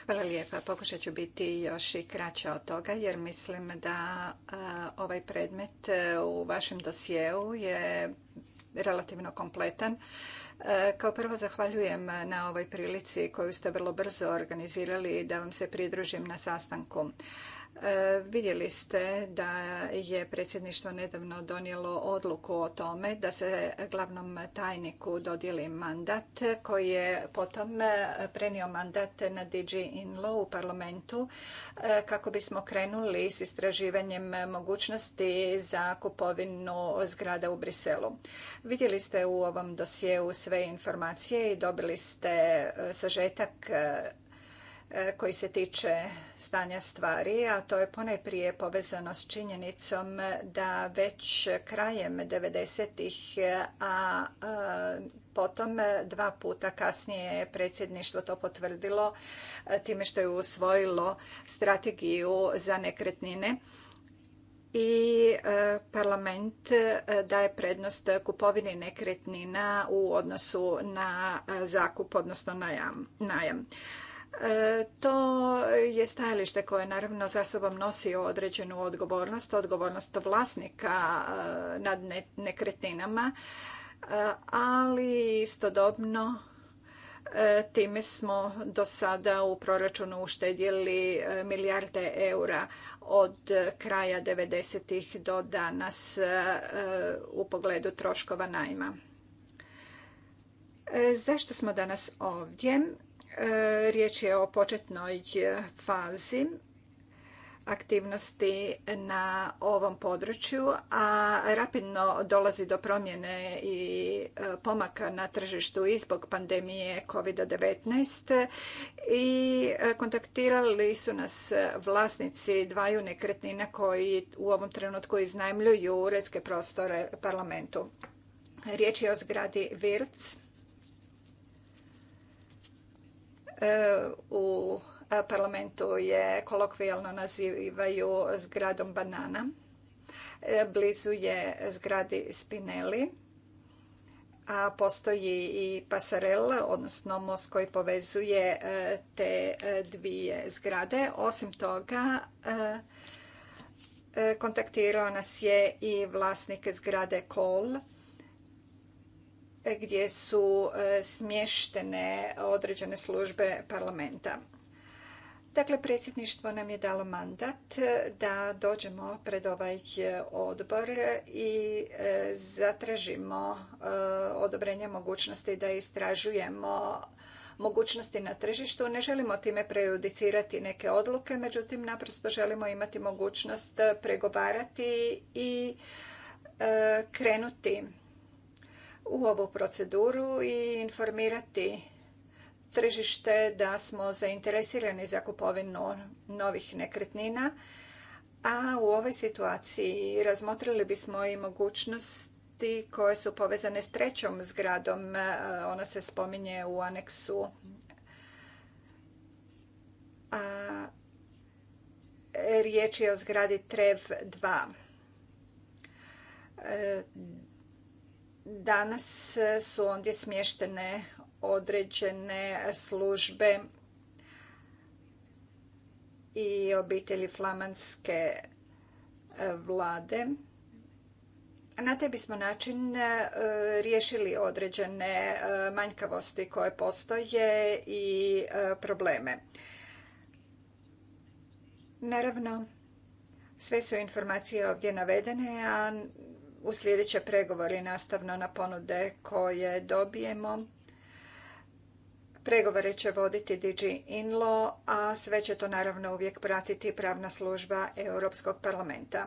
Hvala lijepa. Pokušat ću biti još i kraća od toga jer mislim da ovaj predmet e, u vašem dosjeu je relativno kompletan. E, kao prvo zahvaljujem na ovoj prilici koju ste vrlo brzo organizirali da vam se pridružim na sastanku. E, vidjeli ste da je predsjedništvo nedavno donijelo odluku o tome da se glavnom tajniku dodijeli mandat koji je potom prenio mandat na DG Inlo u parlamentu e, kako bismo krenuli s istraživanjem mogućnosti za kupovinu zgrada u Briselu. Vidjeli ste u ovom dosjeu sve informacije i dobili ste sažetak E, koji se tiče stanja stvari, a to je poneprije povezano s činjenicom da već krajem 90-ih, a potom dva puta kasnije je predsjedništvo to potvrdilo e, time što je usvojilo strategiju za nekretnine i e, parlament daje prednost kupovini nekretnina u odnosu na zakup, odnosno najam. E, to je stajalište koje naravno za sobom nosi određenu odgovornost, odgovornost vlasnika e, nad nekretninama, e, ali istodobno time smo do sada u proračunu uštedjeli milijarde eura od kraja 90. do danas u pogledu troškova najma. Zašto smo danas ovdje? E, riječ je o početnoj fazi aktivnosti na ovom području, a rapidno dolazi do promjene i e, pomaka na tržištu i zbog pandemije COVID-19 i e, kontaktirali su nas vlasnici dvaju nekretnina koji u ovom trenutku iznajmljuju uredske prostore parlamentu. Riječ je o zgradi Virc u parlamentu je kolokvijalno nazivaju zgradom banana. E, blizu je zgradi Spinelli, a postoji i pasarel, odnosno most koji povezuje e, te e, dvije zgrade. Osim toga, kontaktirao nas je i vlasnik zgrade Kohl, gdje su e, smještene određene službe parlamenta. Dakle, predsjedništvo nam je dalo mandat e, da dođemo pred ovaj e, odbor i zatražimo odobrenje mogućnosti da istražujemo mogućnosti na tržištu. Ne želimo time prejudicirati neke odluke, međutim naprosto želimo imati mogućnost pregovarati i krenuti u ovu proceduru i informirati tržište da smo zainteresirani za kupovinu novih nekretnina, a u ovoj situaciji razmotrili bismo i mogućnosti koje su povezane s trećom zgradom. E, ona se spominje u aneksu. A, riječ je o zgradi Trev 2. Danas e, su ondje smještene određene službe i obitelji flamanske e, vlade. Na taj bismo način e, riješili određene manjkavosti koje postoje i probleme. Naravno, sve su informacije ovdje navedene, a u sljedeće pregovore nastavno na ponude koje dobijemo. Pregovore će voditi DG Inlo, a sve će to naravno uvijek pratiti pravna služba Europskog parlamenta.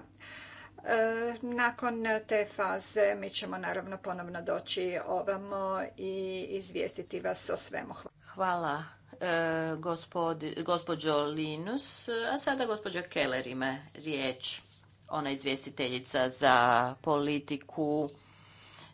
E, nakon te faze mi ćemo naravno ponovno doći ovamo i izvijestiti vas o svemu. Hvala e, gospođo Linus, a sada gospođa Keller ima riječ ona izvjestiteljica za politiku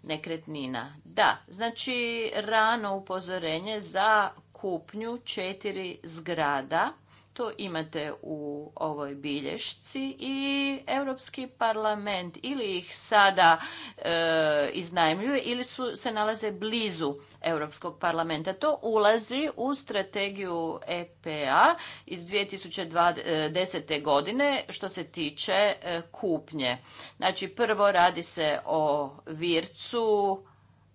nekretnina. Da, znači rano upozorenje za kupnju četiri zgrada to imate u ovoj bilješci i Europski parlament ili ih sada e, iznajmljuje ili su, se nalaze blizu Europskog parlamenta. To ulazi u strategiju EPA iz 2010. godine što se tiče e, kupnje. Znači prvo radi se o vircu,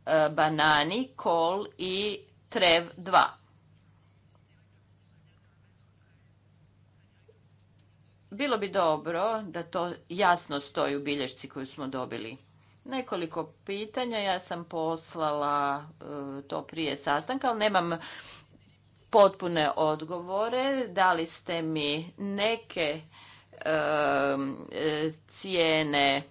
e, banani, kol i trev 2. Bilo bi dobro da to jasno stoji u bilješci koju smo dobili. Nekoliko pitanja, ja sam poslala e, to prije sastanka, ali nemam potpune odgovore. Dali ste mi neke e, e, cijene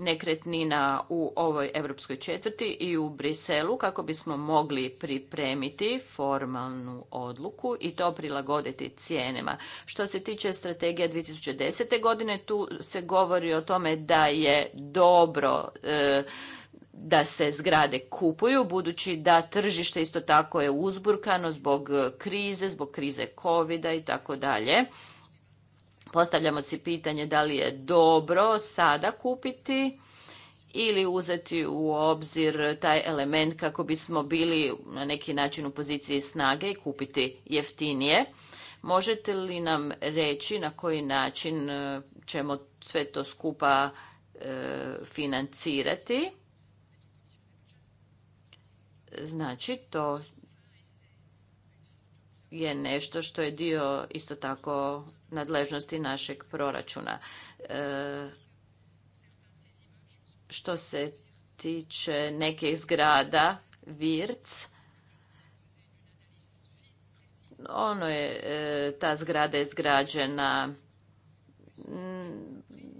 nekretnina u ovoj europskoj četvrti i u Briselu kako bismo mogli pripremiti formalnu odluku i to prilagoditi cijenima. Što se tiče strategije 2010. godine, tu se govori o tome da je dobro e, da se zgrade kupuju, budući da tržište isto tako je uzburkano zbog krize, zbog krize covid i tako dalje. Postavljamo si pitanje da li je dobro sada kupiti ili uzeti u obzir taj element kako bismo bili na neki način u poziciji snage i kupiti jeftinije. Možete li nam reći na koji način e, ćemo sve to skupa e, financirati? Znači, to je nešto što je dio isto tako nadležnosti našeg proračuna. E, što se tiče nekih zgrada, Virc, ono je, e, ta zgrada je zgrađena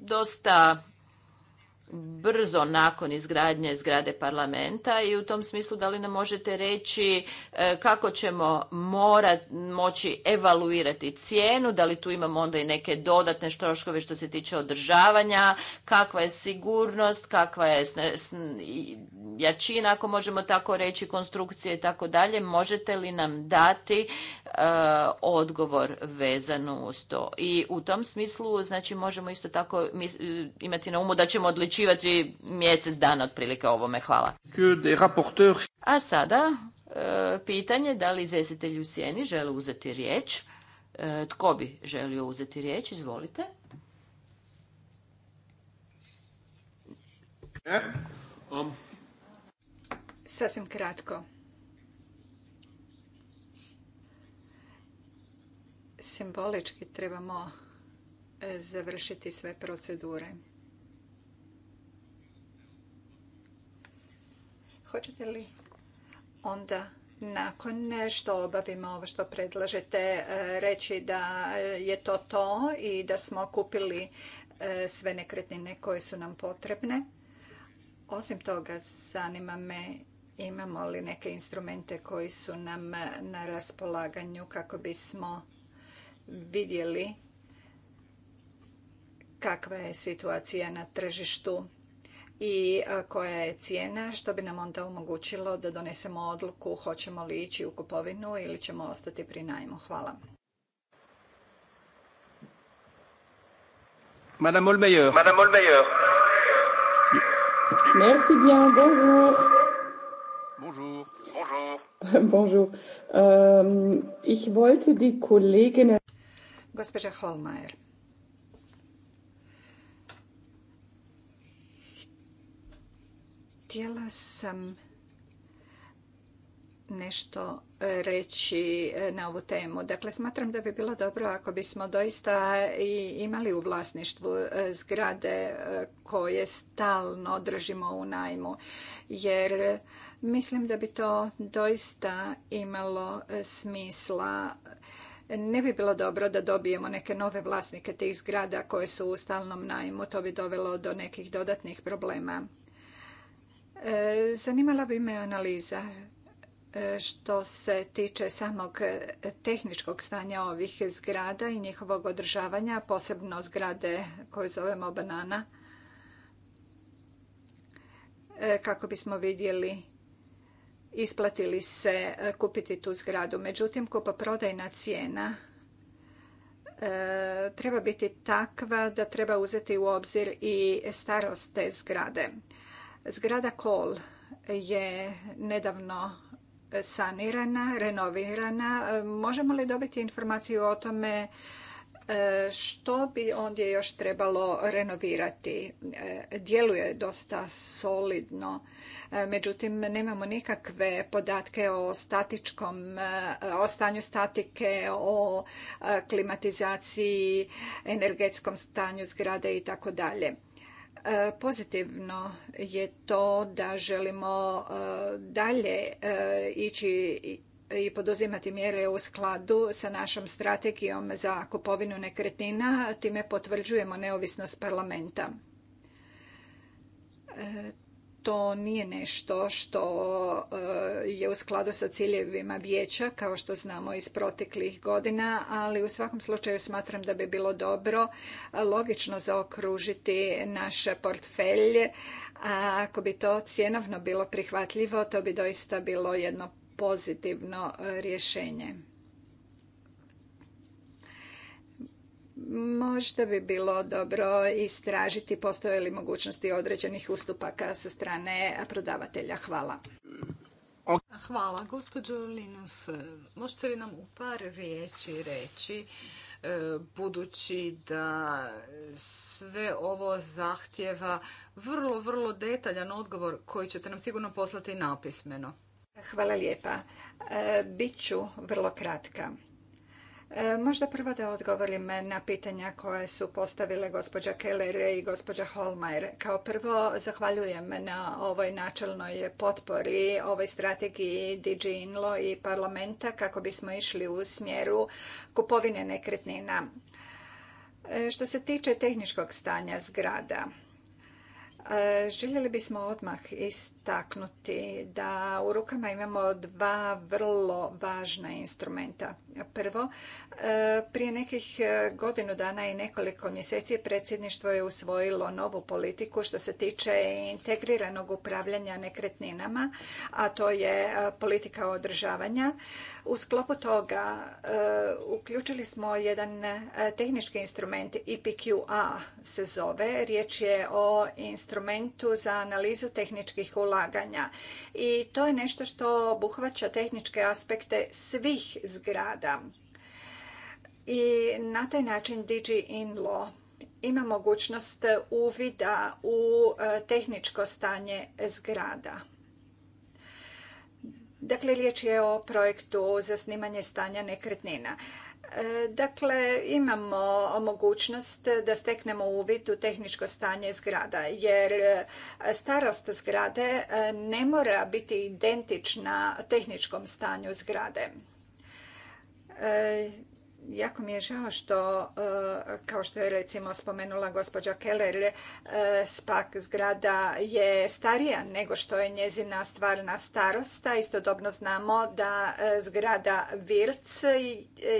dosta brzo nakon izgradnje zgrade parlamenta i u tom smislu da li nam možete reći e, kako ćemo morati moći evaluirati cijenu, da li tu imamo onda i neke dodatne troškove što se tiče održavanja, kakva je sigurnost, kakva je jačina, ako možemo tako reći, konstrukcije i tako dalje. Možete li nam dati e, odgovor vezano uz to? I u tom smislu znači možemo isto tako imati na umu da ćemo odličiti odlučivati mjesec dana otprilike ovome. Hvala. A sada e, pitanje da li izvjestitelji u sjeni žele uzeti riječ. E, tko bi želio uzeti riječ? Izvolite. E? Um. Sasvim kratko. Simbolički trebamo završiti sve procedure. Hoćete li onda nakon što obavimo ovo što predlažete e, reći da je to to i da smo kupili e, sve nekretnine koje su nam potrebne. Osim toga, zanima me imamo li neke instrumente koji su nam na raspolaganju kako bismo vidjeli kakva je situacija na tržištu i koja je cijena, što bi nam onda omogućilo da donesemo odluku hoćemo li ići u kupovinu ili ćemo ostati pri najmu. Hvala. Madame Olmeyer. Madame Olmeyer. Merci bien, bonjour. Bonjour. Bonjour. bonjour. Um, ich wollte die Kollegin... Gospođa Holmeier, Htjela sam nešto e, reći e, na ovu temu. Dakle, smatram da bi bilo dobro ako bismo doista i imali u vlasništvu e, zgrade koje stalno držimo u najmu, jer mislim da bi to doista imalo smisla. Ne bi bilo dobro da dobijemo neke nove vlasnike tih zgrada koje su u stalnom najmu, to bi dovelo do nekih dodatnih problema. E, zanimala bi me analiza e, što se tiče samog tehničkog stanja ovih zgrada i njihovog održavanja, posebno zgrade koje zovemo banana, e, kako bismo vidjeli isplatili se kupiti tu zgradu. Međutim, kupoprodajna cijena treba biti takva da treba uzeti u obzir i starost te zgrade. Zgrada Kol je nedavno sanirana, renovirana. Možemo li dobiti informaciju o tome e, što bi ondje još trebalo renovirati? E, djeluje dosta solidno, e, međutim nemamo nikakve podatke o statičkom, o stanju statike, o klimatizaciji, energetskom stanju zgrade i tako dalje. E, pozitivno je to da želimo e, dalje e, ići i poduzimati mjere u skladu sa našom strategijom za kupovinu nekretnina, time potvrđujemo neovisnost parlamenta to nije nešto što e, je u skladu sa ciljevima vijeća kao što znamo iz proteklih godina, ali u svakom slučaju smatram da bi bilo dobro e, logično zaokružiti naše portfelje. A ako bi to cjenovno bilo prihvatljivo, to bi doista bilo jedno pozitivno e, rješenje. Možda bi bilo dobro istražiti postoje li mogućnosti određenih ustupaka sa strane prodavatelja. Hvala. Hvala. Gospođo Linus, možete li nam u par riječi reći e, budući da sve ovo zahtjeva vrlo, vrlo detaljan odgovor koji ćete nam sigurno poslati napismeno. Hvala lijepa. E, Biću vrlo kratka. E, možda prvo da odgovorim na pitanja koje su postavile gospođa Keller i gospođa Holmajer. Kao prvo zahvaljujem na ovoj načelnoj potpori, ovoj strategiji DG Inlo i parlamenta kako bismo išli u smjeru kupovine nekretnina. E, što se tiče tehničkog stanja zgrada, e, željeli bismo odmah istaknuti istaknuti da u rukama imamo dva vrlo važna instrumenta. Prvo, e, prije nekih e, godinu dana i nekoliko mjeseci predsjedništvo je usvojilo novu politiku što se tiče integriranog upravljanja nekretninama, a to je e, politika održavanja. U sklopu toga uključili smo jedan tehnički instrument IPQA se zove. Riječ je o instrumentu za analizu tehničkih uloga ulaganja. I to je nešto što obuhvaća tehničke aspekte svih zgrada. I na taj način Digi Inlo ima mogućnost uvida u e, tehničko stanje zgrada. Dakle, riječ je o projektu za snimanje stanja nekretnina. E, dakle, imamo mogućnost da steknemo uvid u tehničko stanje zgrada, jer e, starost zgrade e, ne mora biti identična tehničkom stanju zgrade jako mi je žao što, e, kao što je recimo spomenula gospođa Keller, e, spak zgrada je starija nego što je njezina stvarna starosta. Istodobno znamo da e, zgrada Virc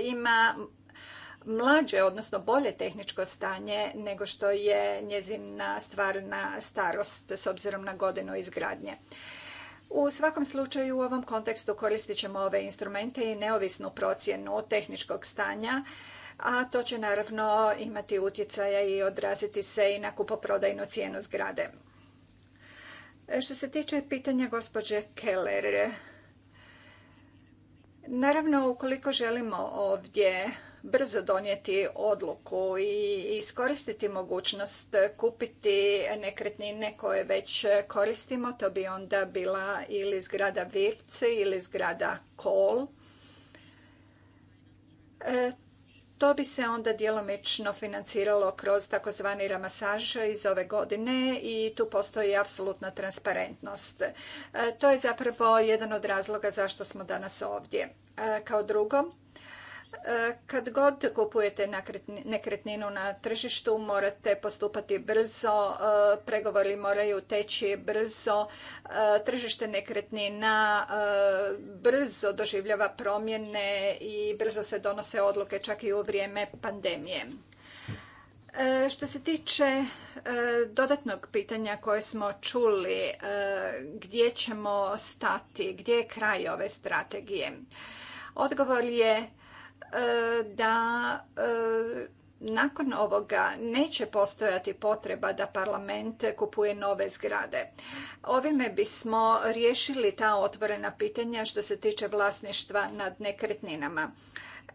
ima mlađe, odnosno bolje tehničko stanje nego što je njezina stvarna starost s obzirom na godinu izgradnje. U svakom slučaju u ovom kontekstu koristit ćemo ove instrumente i neovisnu procjenu tehničkog stanja, a to će naravno imati utjecaja i odraziti se i na kupoprodajnu cijenu zgrade. E, što se tiče pitanja gospođe Keller, naravno ukoliko želimo ovdje brzo donijeti odluku i iskoristiti mogućnost kupiti nekretnine koje već koristimo. To bi onda bila ili zgrada Virce ili zgrada Kol. E, to bi se onda djelomično financiralo kroz takozvani ramasaž iz ove godine i tu postoji apsolutna transparentnost. E, to je zapravo jedan od razloga zašto smo danas ovdje. E, kao drugo, E, kad god kupujete nekretninu na tržištu morate postupati brzo, e, pregovori moraju teći brzo, e, tržište nekretnina brzo doživljava promjene i brzo se donose odluke čak i u vrijeme pandemije. Što se tiče dodatnog pitanja koje smo čuli, gdje ćemo stati, gdje je kraj ove strategije? Odgovor je E, da e, nakon ovoga neće postojati potreba da parlament kupuje nove zgrade. Ovime bismo riješili ta otvorena pitanja što se tiče vlasništva nad nekretninama.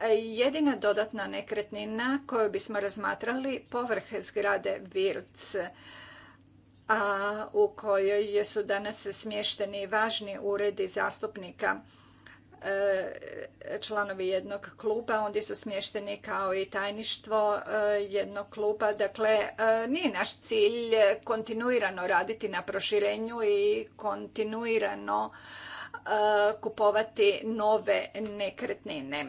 E, jedina dodatna nekretnina koju bismo razmatrali povrh zgrade Virc, a u kojoj su danas smješteni važni uredi zastupnika E, članovi jednog kluba, ondje su smješteni kao i tajništvo e, jednog kluba. Dakle, e, nije naš cilj kontinuirano raditi na proširenju i kontinuirano kupovati nove nekretnine.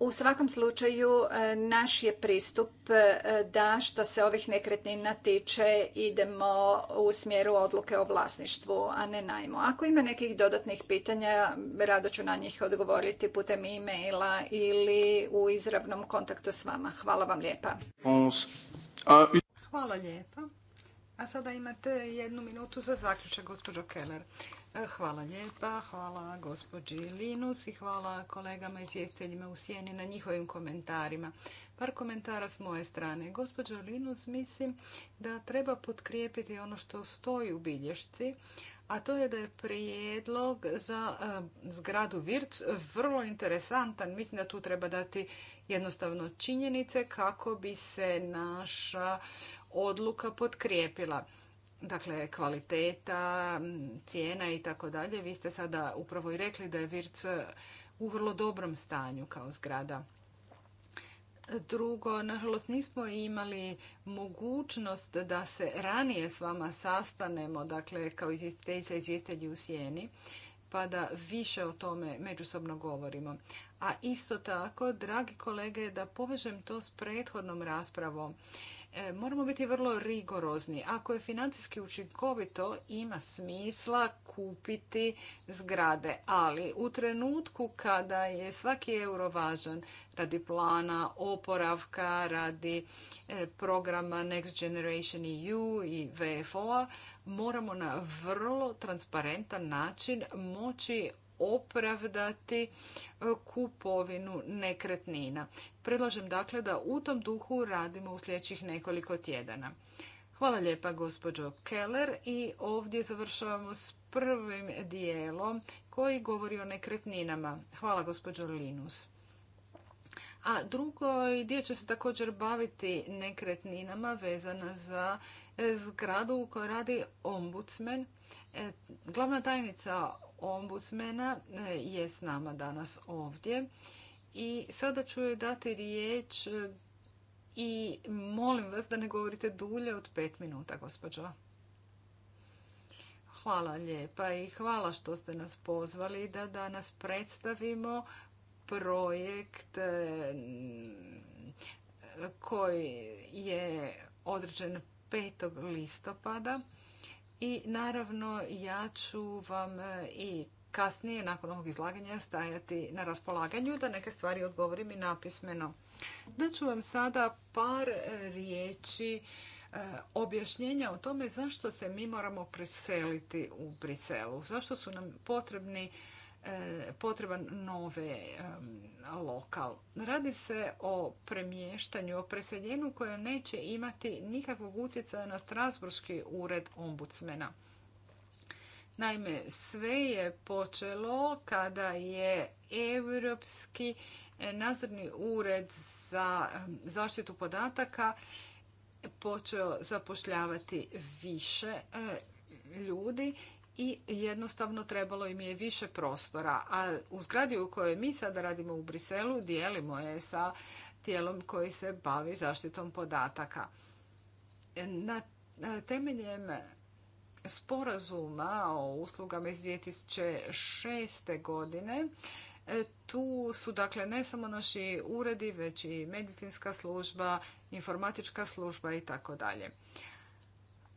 U svakom slučaju e, naš je pristup e, da što se ovih nekretnina tiče idemo u smjeru odluke o vlasništvu, a ne najmu. Ako ima nekih dodatnih pitanja, rado ću na njih odgovoriti putem e-maila ili u izravnom kontaktu s vama. Hvala vam lijepa. Hvala lijepa. A sada imate jednu minutu za zaključak, gospođo Keller. E, hvala lijepa, hvala gospođi Linus i hvala kolegama iz jesteljima u Sjeni na njihovim komentarima. Par komentara s moje strane. Gospođa Linus, mislim da treba potkrijepiti ono što stoji u bilješci, a to je da je prijedlog za e, zgradu Virc vrlo interesantan. Mislim da tu treba dati jednostavno činjenice kako bi se naša odluka potkrijepila dakle kvaliteta, cijena i tako dalje. Vi ste sada upravo i rekli da je Virc u vrlo dobrom stanju kao zgrada. Drugo, nažalost nismo imali mogućnost da se ranije s vama sastanemo, dakle kao izvjestiteljica izvjestitelji u sjeni, pa da više o tome međusobno govorimo. A isto tako, dragi kolege, da povežem to s prethodnom raspravom. E, moramo biti vrlo rigorozni. Ako je financijski učinkovito, ima smisla kupiti zgrade, ali u trenutku kada je svaki euro važan radi plana oporavka, radi e, programa Next Generation EU i VFO-a, moramo na vrlo transparentan način moći opravdati e, kupovinu nekretnina. Predlažem dakle da u tom duhu radimo u sljedećih nekoliko tjedana. Hvala lijepa gospođo Keller i ovdje završavamo s prvim dijelom koji govori o nekretninama. Hvala gospođo Linus. A drugo dio će se također baviti nekretninama vezana za e, zgradu u kojoj radi ombudsman. E, glavna tajnica ombudsmena e, je s nama danas ovdje. I sada ću joj dati riječ e, i molim vas da ne govorite dulje od pet minuta, gospođo. Hvala lijepa i hvala što ste nas pozvali da danas predstavimo projekt e, koji je određen 5. listopada i naravno ja ću vam e, i kasnije nakon ovog izlaganja stajati na raspolaganju da neke stvari odgovorim i napismeno. Da ću vam sada par e, riječi e, objašnjenja o tome zašto se mi moramo preseliti u Briselu, zašto su nam potrebni potreban nove lokal. Radi se o premještanju, o preseljenju koje neće imati nikakvog utjecaja na Strasburski ured ombudsmena. Naime, sve je počelo kada je Europski nadzorni ured za zaštitu podataka počeo zapošljavati više ljudi i jednostavno trebalo im je više prostora. A u zgradi u kojoj mi sada radimo u Briselu dijelimo je sa tijelom koji se bavi zaštitom podataka. Na temeljem sporazuma o uslugama iz 2006. godine e, tu su dakle ne samo naši uredi, već i medicinska služba, informatička služba i tako dalje.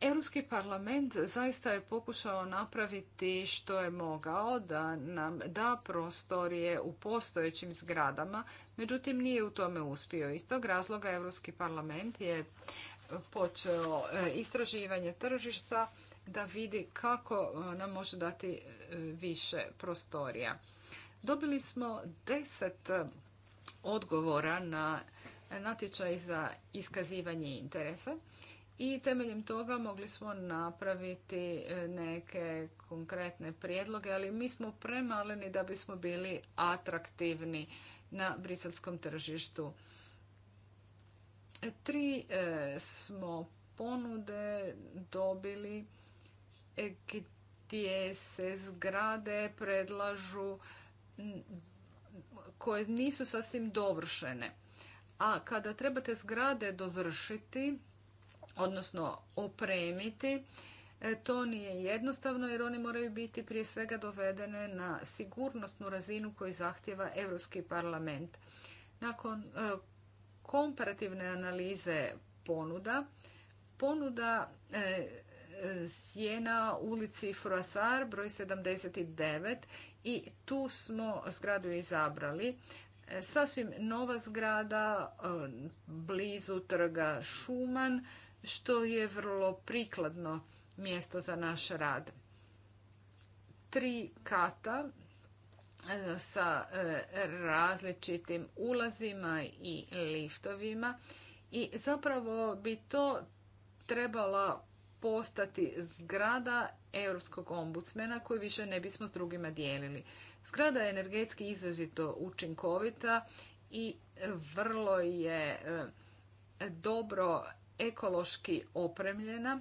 Europski parlament zaista je pokušao napraviti što je mogao da nam da prostorije u postojećim zgradama, međutim nije u tome uspio. Iz tog razloga Europski parlament je počeo e, istraživanje tržišta da vidi kako e, nam može dati e, više prostorija. Dobili smo deset odgovora na natječaj za iskazivanje interesa i temeljem toga mogli smo napraviti e, neke konkretne prijedloge, ali mi smo premaleni da bismo bili atraktivni na briselskom tržištu. E, tri e, smo ponude dobili gdje se zgrade predlažu koje nisu sasvim dovršene. A kada trebate zgrade dovršiti, odnosno opremiti. E, to nije jednostavno jer one moraju biti prije svega dovedene na sigurnosnu razinu koju zahtjeva Europski parlament. Nakon e, komparativne analize ponuda, ponuda e, sjena ulici Froasar broj 79 i tu smo zgradu izabrali. Sasvim nova zgrada blizu trga Šuman što je vrlo prikladno mjesto za naš rad. Tri kata e, sa e, različitim ulazima i liftovima i zapravo bi to trebala postati zgrada Europskog ombudsmena koju više ne bismo s drugima dijelili. Zgrada je energetski izrazito učinkovita i vrlo je e, dobro ekološki opremljena.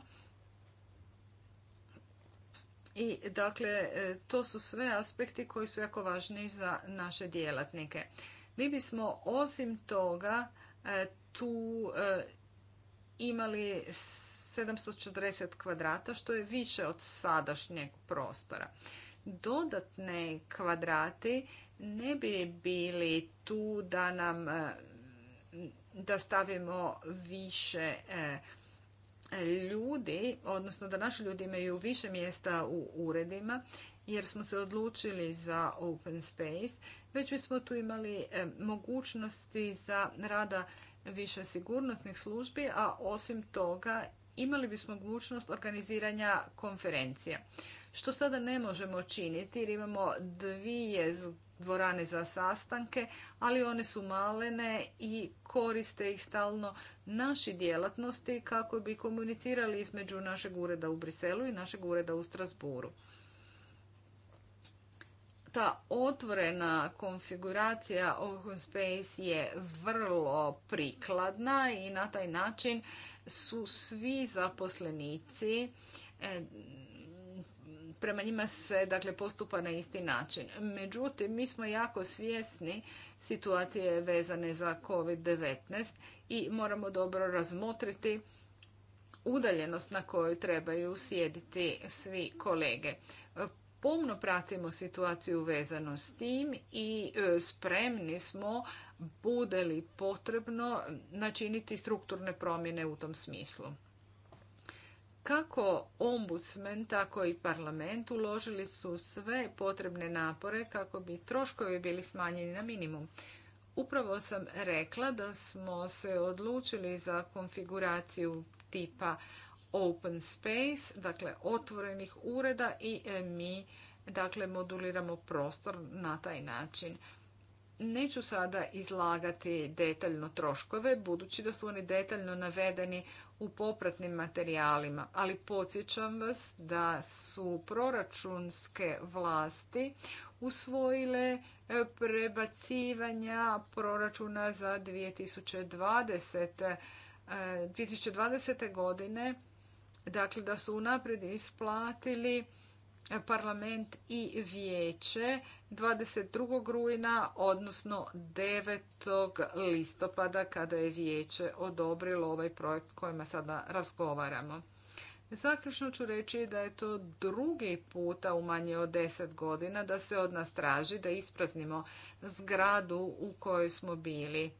I dakle, e, to su sve aspekti koji su jako važni za naše djelatnike. Mi bismo osim toga e, tu e, imali 740 kvadrata, što je više od sadašnjeg prostora. Dodatne kvadrati ne bi bili tu da nam da stavimo više e, ljudi, odnosno da naši ljudi imaju više mjesta u uredima, jer smo se odlučili za open space, već smo tu imali e, mogućnosti za rada više sigurnosnih službi, a osim toga imali bismo mogućnost organiziranja konferencija. Što sada ne možemo činiti jer imamo dvije dvorane za sastanke, ali one su malene i koriste ih stalno naši djelatnosti kako bi komunicirali između našeg ureda u Briselu i našeg ureda u Strasburu. Ta otvorena konfiguracija Open Space je vrlo prikladna i na taj način su svi zaposlenici e, prema njima se dakle, postupa na isti način. Međutim, mi smo jako svjesni situacije vezane za COVID-19 i moramo dobro razmotriti udaljenost na kojoj trebaju sjediti svi kolege. Pomno pratimo situaciju vezano s tim i e, spremni smo, bude li potrebno, načiniti strukturne promjene u tom smislu. Kako ombudsman, tako i parlament uložili su sve potrebne napore kako bi troškovi bili smanjeni na minimum. Upravo sam rekla da smo se odlučili za konfiguraciju tipa open space, dakle otvorenih ureda i mi dakle moduliramo prostor na taj način. Neću sada izlagati detaljno troškove, budući da su oni detaljno navedeni u popratnim materijalima, ali podsjećam vas da su proračunske vlasti usvojile e, prebacivanja proračuna za 2020. 2020. E, godine, dakle da su unaprijed isplatili parlament i vijeće 22. rujna, odnosno 9. listopada kada je vijeće odobrilo ovaj projekt kojima sada razgovaramo. Zaključno ću reći da je to drugi puta u manje od deset godina da se od nas traži da ispraznimo zgradu u kojoj smo bili.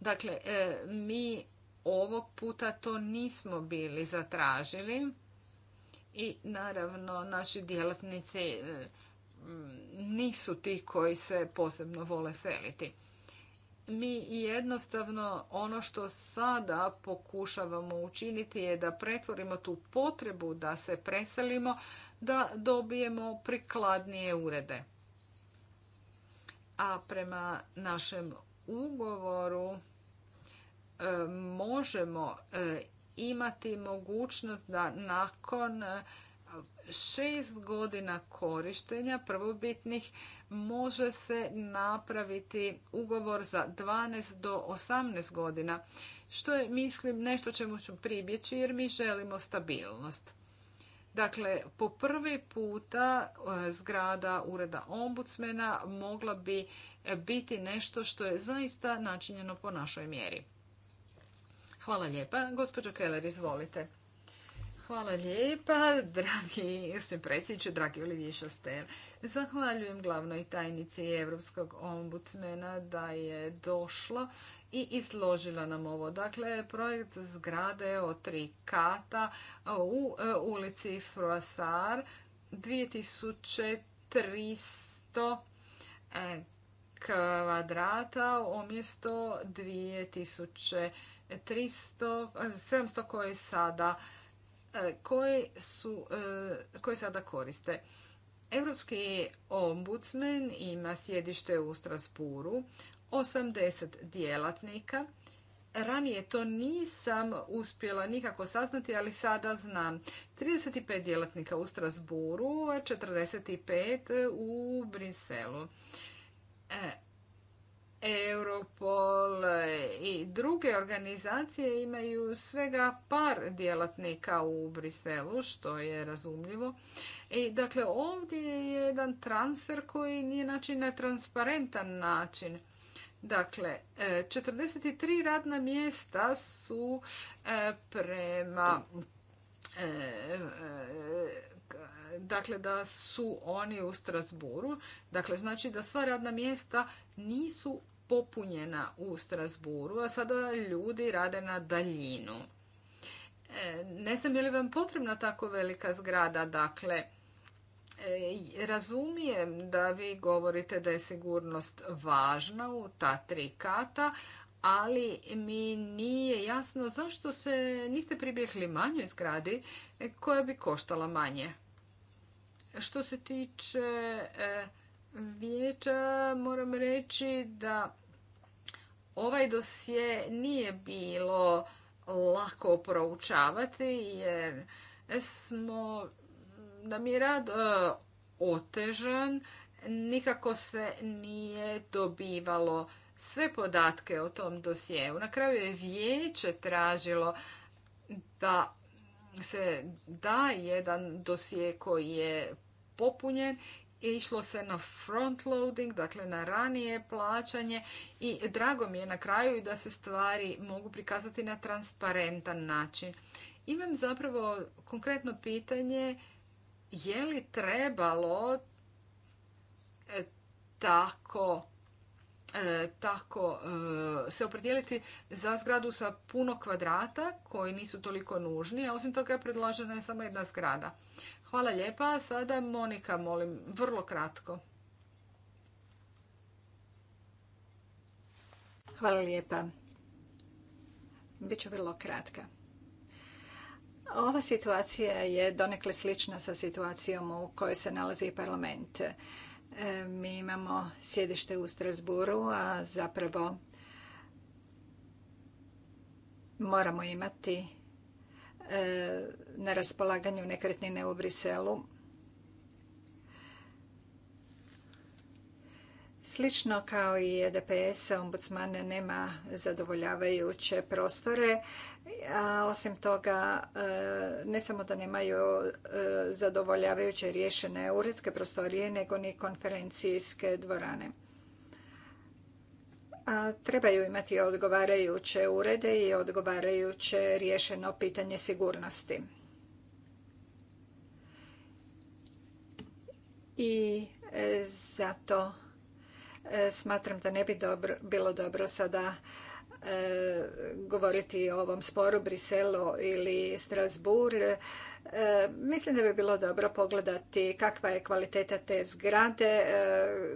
Dakle, e, mi ovog puta to nismo bili zatražili i naravno naši djelatnici e, nisu ti koji se posebno vole seliti. Mi jednostavno ono što sada pokušavamo učiniti je da pretvorimo tu potrebu da se preselimo, da dobijemo prikladnije urede. A prema našem ugovoru e, možemo e, imati mogućnost da nakon e, šest godina korištenja prvobitnih može se napraviti ugovor za 12 do 18 godina, što je, mislim, nešto čemu ću pribjeći jer mi želimo stabilnost. Dakle, po prvi puta e, zgrada ureda ombudsmena mogla bi e, biti nešto što je zaista načinjeno po našoj mjeri. Hvala lijepa. Gospođo Keller, izvolite. Hvala lijepa, dragi predsjedniče, dragi Olivije Šastel. Zahvaljujem glavnoj tajnici Europskog ombudsmena da je došla i izložila nam ovo. Dakle, projekt zgrade o tri kata u e, ulici Froasar 2300 e, kvadrata umjesto 2000 700 koje sada e, koje, su, e, koji sada koriste. Europski ombudsman ima sjedište u Strasburu, 80 djelatnika. Ranije to nisam uspjela nikako saznati, ali sada znam. 35 djelatnika u Strasburu, 45 u Briselu. E, Europol e, i druge organizacije imaju svega par djelatnika u Briselu, što je razumljivo. I dakle, ovdje je jedan transfer koji nije način na transparentan način. Dakle, 43 e, radna mjesta su e, prema dakle da su oni u Strasburu, dakle znači da sva radna mjesta nisu popunjena u Strasburu, a sada ljudi rade na daljinu. E, ne znam je li vam potrebna tako velika zgrada, dakle, e, razumijem da vi govorite da je sigurnost važna u ta tri kata, ali mi nije jasno zašto se niste pribjegli manjoj zgradi koja bi koštala manje. Što se tiče e, vijeća moram reći da ovaj dosje nije bilo lako proučavati jer smo nam je rad e, otežan, nikako se nije dobivalo sve podatke o tom dosjeu. Na kraju je vijeće tražilo da se da jedan dosje koji je popunjen išlo se na front loading, dakle na ranije plaćanje i drago mi je na kraju da se stvari mogu prikazati na transparentan način. Imam zapravo konkretno pitanje je li trebalo e, tako e, tako e, se opredijeliti za zgradu sa puno kvadrata koji nisu toliko nužni, a osim toga predložena je samo jedna zgrada. Hvala lijepa. Sada Monika, molim, vrlo kratko. Hvala lijepa. Biću vrlo kratka. Ova situacija je donekle slična sa situacijom u kojoj se nalazi parlament. E, mi imamo sjedište u Strasburu, a zapravo moramo imati E, na raspolaganju nekretnine u Briselu. Slično kao i EDPS, ombudsmane nema zadovoljavajuće prostore, a osim toga e, ne samo da nemaju e, zadovoljavajuće riješene uredske prostorije, nego ni konferencijske dvorane a trebaju imati odgovarajuće urede i odgovarajuće riješeno pitanje sigurnosti. I e, zato e, smatram da ne bi dobro, bilo dobro sada e, govoriti o ovom sporu Briselo ili Strasbourg E, mislim da bi bilo dobro pogledati kakva je kvaliteta te zgrade, e,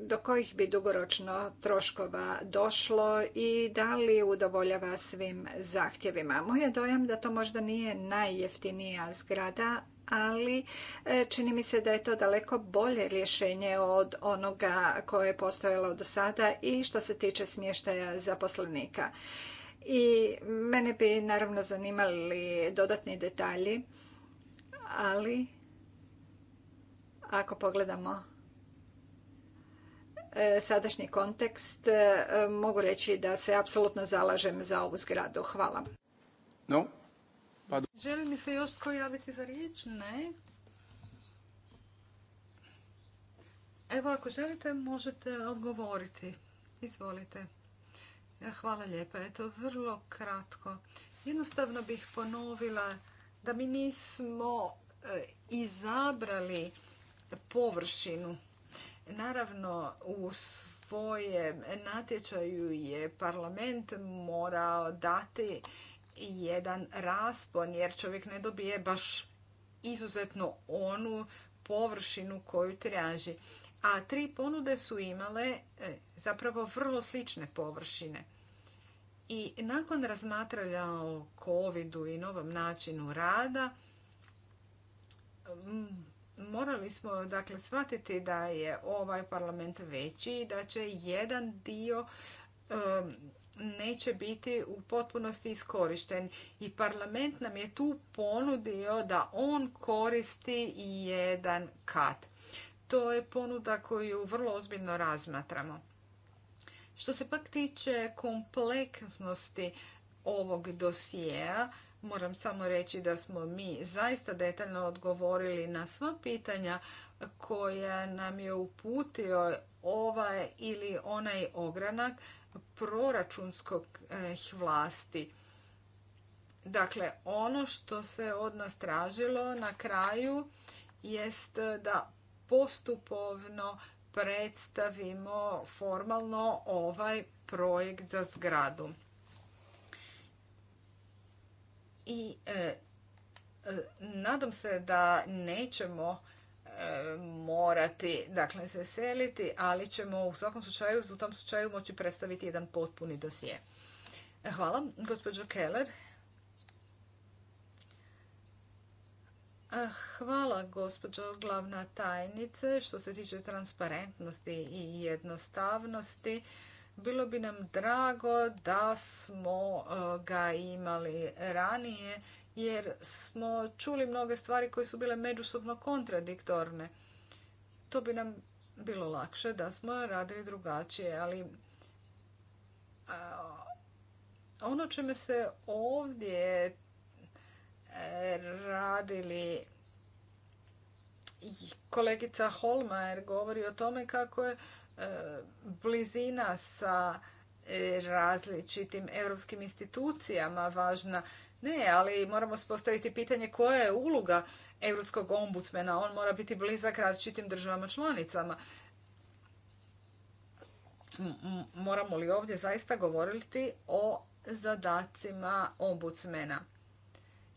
do kojih bi dugoročno troškova došlo i da li udovoljava svim zahtjevima. Moj je dojam da to možda nije najjeftinija zgrada, ali e, čini mi se da je to daleko bolje rješenje od onoga koje je postojalo do sada i što se tiče smještaja zaposlenika. I mene bi naravno zanimali dodatni detalji ali ako pogledamo e, sadašnji kontekst, e, mogu reći da se apsolutno zalažem za ovu zgradu. Hvala. Pa Želi li se još tko javiti za riječ? Ne. Evo, ako želite, možete odgovoriti. Izvolite. Hvala lijepa. Eto, vrlo kratko. Jednostavno bih ponovila da mi nismo e, izabrali površinu. Naravno, u svojem natječaju je parlament morao dati jedan raspon, jer čovjek ne dobije baš izuzetno onu površinu koju traži. A tri ponude su imale e, zapravo vrlo slične površine. I nakon razmatranja o COVID-u i novom načinu rada, morali smo dakle shvatiti da je ovaj parlament veći i da će jedan dio neće biti u potpunosti iskorišten. I parlament nam je tu ponudio da on koristi jedan kat. To je ponuda koju vrlo ozbiljno razmatramo. Što se pak tiče kompleksnosti ovog dosijeja, moram samo reći da smo mi zaista detaljno odgovorili na sva pitanja koja nam je uputio ovaj ili onaj ogranak proračunskog eh, vlasti. Dakle, ono što se od nas tražilo na kraju jest da postupovno predstavimo formalno ovaj projekt za zgradu. I e, e, nadam se da nećemo e, morati dakle, se seliti, ali ćemo u svakom slučaju, u tom slučaju moći predstaviti jedan potpuni dosje. Hvala, gospođo Keller. Hvala gospođo glavna tajnice. Što se tiče transparentnosti i jednostavnosti, bilo bi nam drago da smo e, ga imali ranije jer smo čuli mnoge stvari koje su bile međusobno kontradiktorne. To bi nam bilo lakše da smo radili drugačije, ali ono čime se ovdje radili. Kolegica Holmajer govori o tome kako je e, blizina sa e, različitim europskim institucijama važna. Ne, ali moramo postaviti pitanje koja je uloga europskog ombudsmena. On mora biti blizak različitim državama članicama. Moramo li ovdje zaista govoriti o zadacima ombudsmena?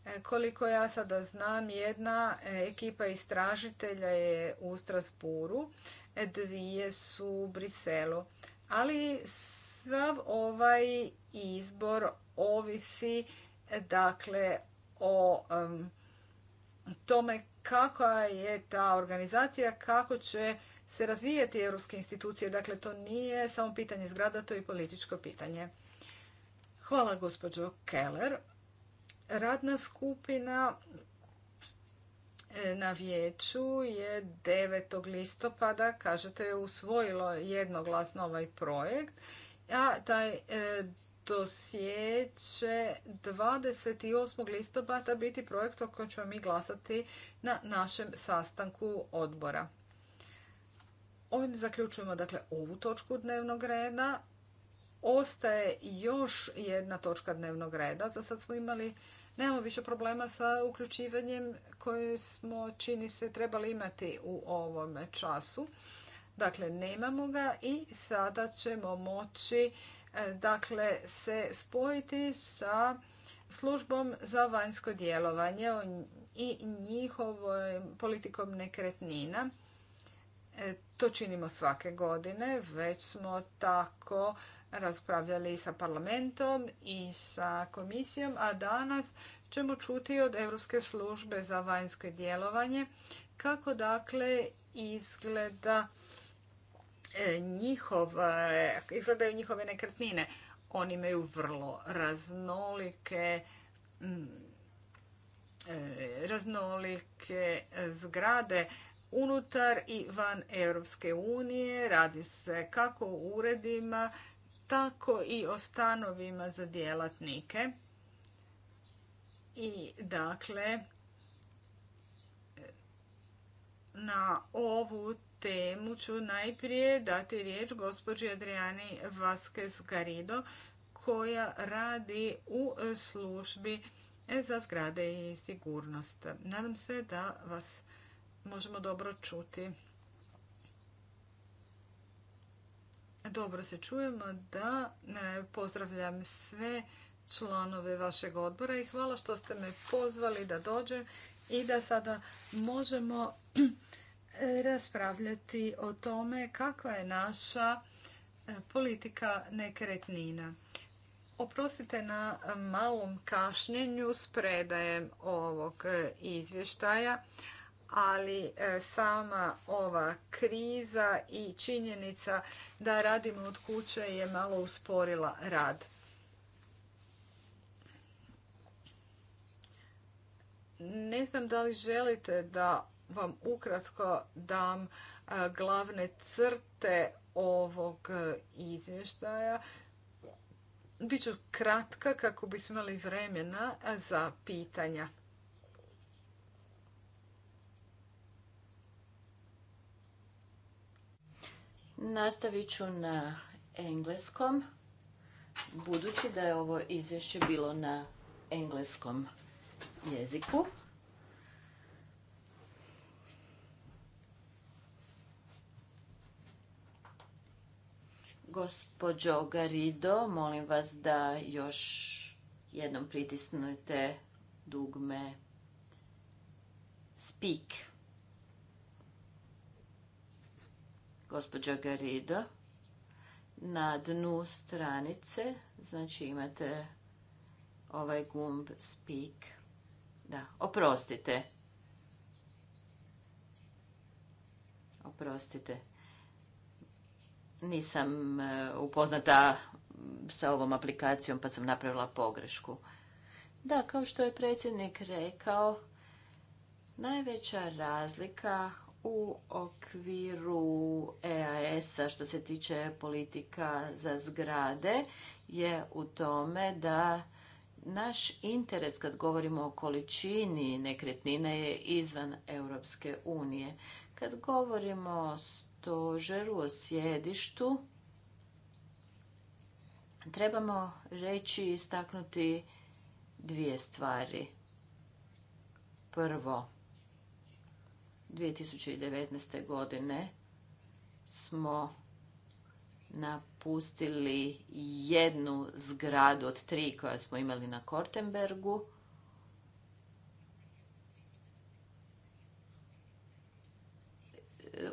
E, koliko ja sada znam, jedna e, ekipa istražitelja je u Strasburu, e, dvije su u Briselu. Ali sav ovaj izbor ovisi dakle o tome kakva je ta organizacija, kako će se razvijati europske institucije. Dakle, to nije samo pitanje zgrada, to je i političko pitanje. Hvala gospođo Keller. Radna skupina e, na vijeću je 9. listopada, kažete, usvojilo jednoglasno ovaj projekt, a taj e, dosje će 28. listopada biti projekt o kojem ćemo mi glasati na našem sastanku odbora. Ovim zaključujemo dakle ovu točku dnevnog reda. Ostaje još jedna točka dnevnog reda. Za sad smo imali nemamo više problema sa uključivanjem koje smo, čini se, trebali imati u ovom času. Dakle, nemamo ga i sada ćemo moći e, dakle, se spojiti sa službom za vanjsko djelovanje i njihovom politikom nekretnina. E, to činimo svake godine, već smo tako raspravljali sa parlamentom i sa komisijom, a danas ćemo čuti od Evropske službe za vanjsko djelovanje kako dakle izgleda e, njihov, e, izgledaju njihove nekretnine. Oni imaju vrlo raznolike e, raznolike zgrade unutar i van Europske unije. Radi se kako o uredima, tako i o stanovima za djelatnike. I dakle, na ovu temu ću najprije dati riječ gospođi Adriani Vasquez Garido koja radi u službi za zgrade i sigurnost. Nadam se da vas možemo dobro čuti. Dobro se čujemo, da. Pozdravljam sve članove vašeg odbora i hvala što ste me pozvali da dođem i da sada možemo raspravljati o tome kakva je naša e, politika nekretnina. Oprostite na malom kašnjenju s predajem ovog e, izvještaja, ali e, sama ova kriza i činjenica da radimo od kuće je malo usporila rad. Ne znam da li želite da vam ukratko dam e, glavne crte ovog e, izvještaja. Biću kratka kako bismo imali vremena za pitanja. Nastavit ću na engleskom, budući da je ovo izvješće bilo na engleskom jeziku. Gospođo Garido, molim vas da još jednom pritisnete dugme Speak. gospođa Garido. Na dnu stranice, znači imate ovaj gumb speak. Da, oprostite. Oprostite. Nisam e, upoznata sa ovom aplikacijom pa sam napravila pogrešku. Da, kao što je predsjednik rekao, najveća razlika u okviru EAS-a što se tiče politika za zgrade je u tome da naš interes kad govorimo o količini nekretnina je izvan Europske unije. Kad govorimo o stožeru, o sjedištu, trebamo reći i istaknuti dvije stvari. Prvo, 2019. godine smo napustili jednu zgradu od tri koja smo imali na Kortenbergu.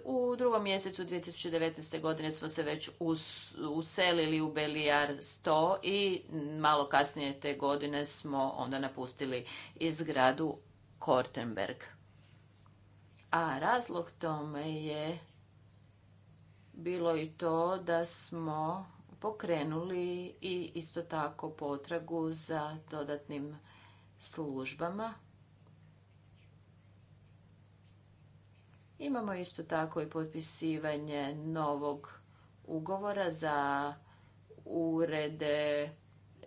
U drugom mjesecu 2019. godine smo se već uselili u Belijar 100 i malo kasnije te godine smo onda napustili i zgradu Kortenberg. A razlog tome je bilo i to da smo pokrenuli i isto tako potragu za dodatnim službama. Imamo isto tako i potpisivanje novog ugovora za urede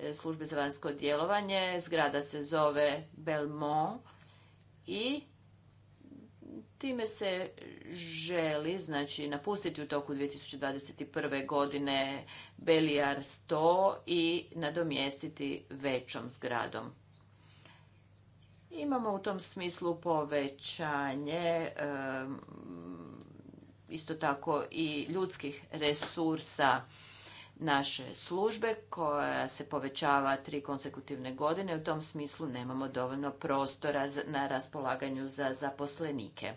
e, službe za vanjsko djelovanje. Zgrada se zove Belmont i Time se želi, znači, napustiti u toku 2021. godine Belijar 100 i nadomjestiti većom zgradom. Imamo u tom smislu povećanje isto tako i ljudskih resursa naše službe koja se povećava tri konsekutivne godine. U tom smislu nemamo dovoljno prostora na raspolaganju za zaposlenike.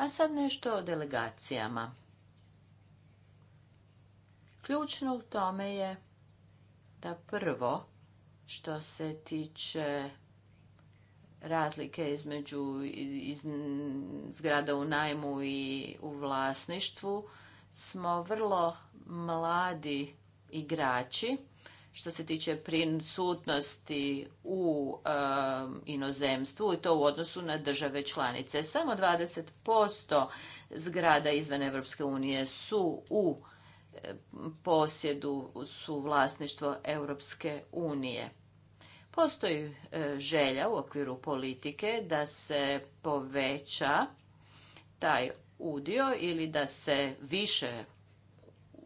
A sad nešto o delegacijama. Ključno u tome je da prvo što se tiče razlike između zgrada u najmu i u vlasništvu smo vrlo mladi igrači što se tiče prisutnosti u inozemstvu i to u odnosu na države članice. Samo 20% zgrada izvan Europske unije su u posjedu, su vlasništvo Europske unije. Postoji e, želja u okviru politike da se poveća taj udio ili da se više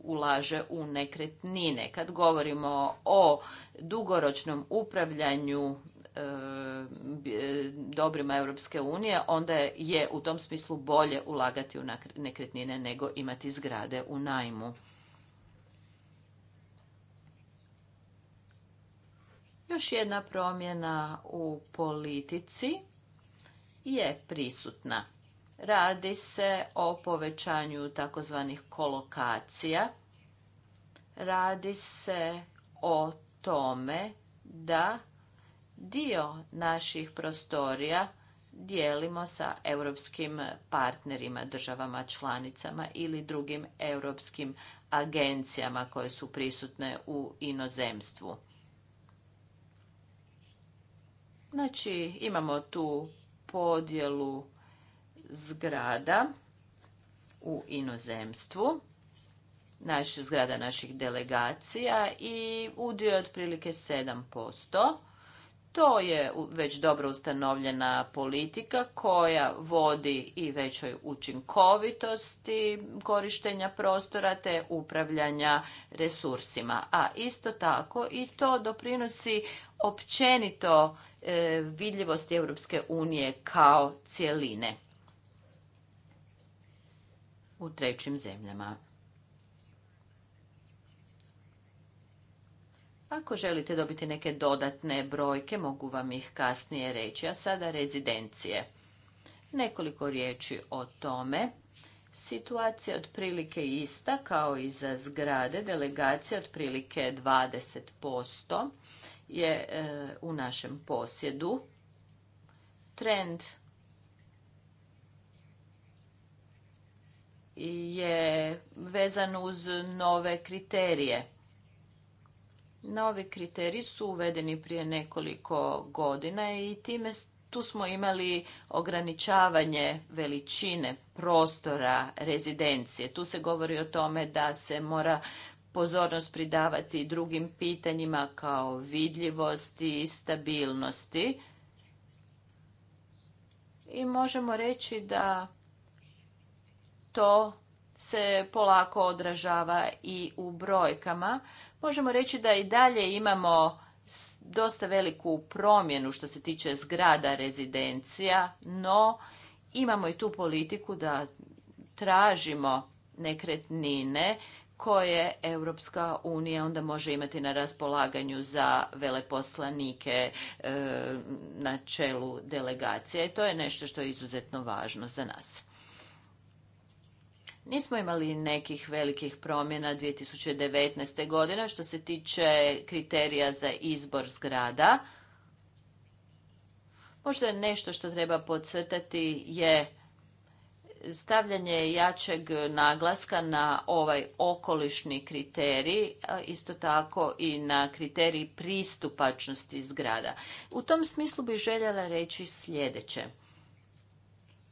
ulaže u nekretnine. Kad govorimo o dugoročnom upravljanju e, e, dobrima Europske unije, onda je u tom smislu bolje ulagati u nekretnine nego imati zgrade u najmu. Još jedna promjena u politici je prisutna. Radi se o povećanju takozvanih kolokacija. Radi se o tome da dio naših prostorija dijelimo sa europskim partnerima, državama članicama ili drugim europskim agencijama koje su prisutne u inozemstvu. Znači, imamo tu podjelu zgrada u inozemstvu, naš, zgrada naših delegacija i udio je otprilike 7%. To je već dobro ustanovljena politika koja vodi i većoj učinkovitosti korištenja prostora te upravljanja resursima. A isto tako i to doprinosi općenito e, vidljivosti Europske unije kao cjeline u trećim zemljama. Ako želite dobiti neke dodatne brojke, mogu vam ih kasnije reći, a sada rezidencije. Nekoliko riječi o tome. Situacija je otprilike ista kao i za zgrade. Delegacija otprilike 20% je e, u našem posjedu. Trend je vezan uz nove kriterije. Novi kriteriji su uvedeni prije nekoliko godina i time tu smo imali ograničavanje veličine prostora rezidencije. Tu se govori o tome da se mora pozornost pridavati drugim pitanjima kao vidljivosti i stabilnosti. I možemo reći da to se polako odražava i u brojkama. Možemo reći da i dalje imamo dosta veliku promjenu što se tiče zgrada rezidencija, no imamo i tu politiku da tražimo nekretnine koje Europska unija onda može imati na raspolaganju za veleposlanike e, na čelu delegacije. I to je nešto što je izuzetno važno za nas. Nismo imali nekih velikih promjena 2019. godine što se tiče kriterija za izbor zgrada. Možda nešto što treba podcrtati je stavljanje jačeg naglaska na ovaj okolišni kriterij, isto tako i na kriterij pristupačnosti zgrada. U tom smislu bih željela reći sljedeće.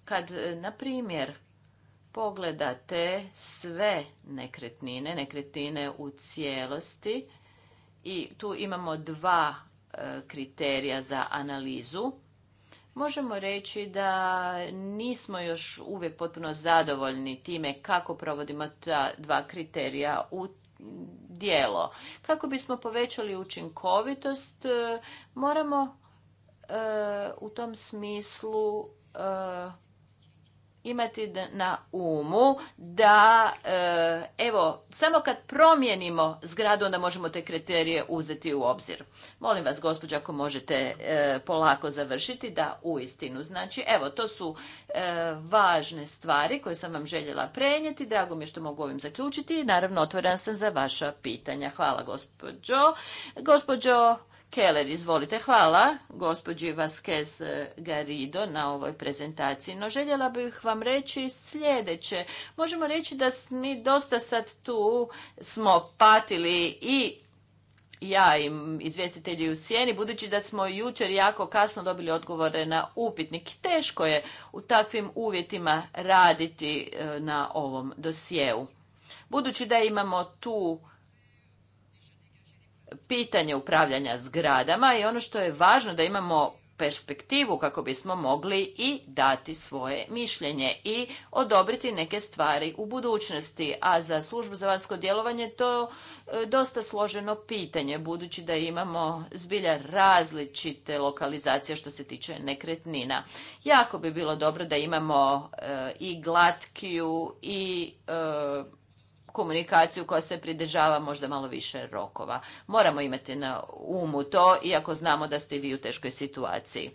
Kad, na primjer, pogledate sve nekretnine, nekretnine u cijelosti i tu imamo dva e, kriterija za analizu. Možemo reći da nismo još uvijek potpuno zadovoljni time kako provodimo ta dva kriterija u dijelo. Kako bismo povećali učinkovitost, e, moramo e, u tom smislu imati na umu da e, evo samo kad promijenimo zgradu onda možemo te kriterije uzeti u obzir. Molim vas gospođo ako možete e, polako završiti da uistinu znači evo to su e, važne stvari koje sam vam željela prenijeti. Drago mi je što mogu ovim zaključiti i naravno otvoren sam za vaša pitanja. Hvala gospođo. Gospođo Keller, izvolite. Hvala gospođi Vasquez Garido na ovoj prezentaciji. No željela bih vam reći sljedeće. Možemo reći da mi dosta sad tu smo patili i ja i izvjestitelji u sjeni, budući da smo jučer jako kasno dobili odgovore na upitnik. Teško je u takvim uvjetima raditi e, na ovom dosjeu. Budući da imamo tu pitanje upravljanja zgradama i ono što je važno da imamo perspektivu kako bismo mogli i dati svoje mišljenje i odobriti neke stvari u budućnosti. A za službu za vanjsko djelovanje to e, dosta složeno pitanje budući da imamo zbilja različite lokalizacije što se tiče nekretnina. Jako bi bilo dobro da imamo e, i glatkiju i e, komunikaciju koja se pridržava možda malo više rokova. Moramo imati na umu to, iako znamo da ste vi u teškoj situaciji.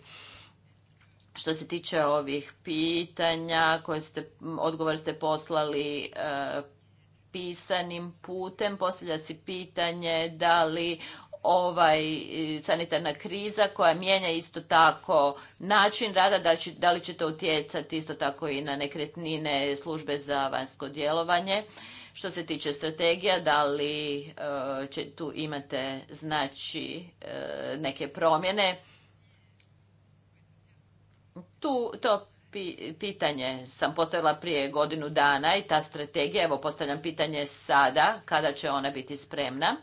Što se tiče ovih pitanja, ste, odgovor ste poslali e, pisanim putem, postavlja se pitanje da li ovaj e, sanitarna kriza koja mijenja isto tako način rada, da, da li će to utjecati isto tako i na nekretnine službe za vanjsko djelovanje. Što se tiče strategija, da li eh, tu imate znači eh, neke promjene? Tu to pitanje sam postavila prije godinu dana i ta strategija, evo postavljam pitanje sada, kada će ona biti spremna.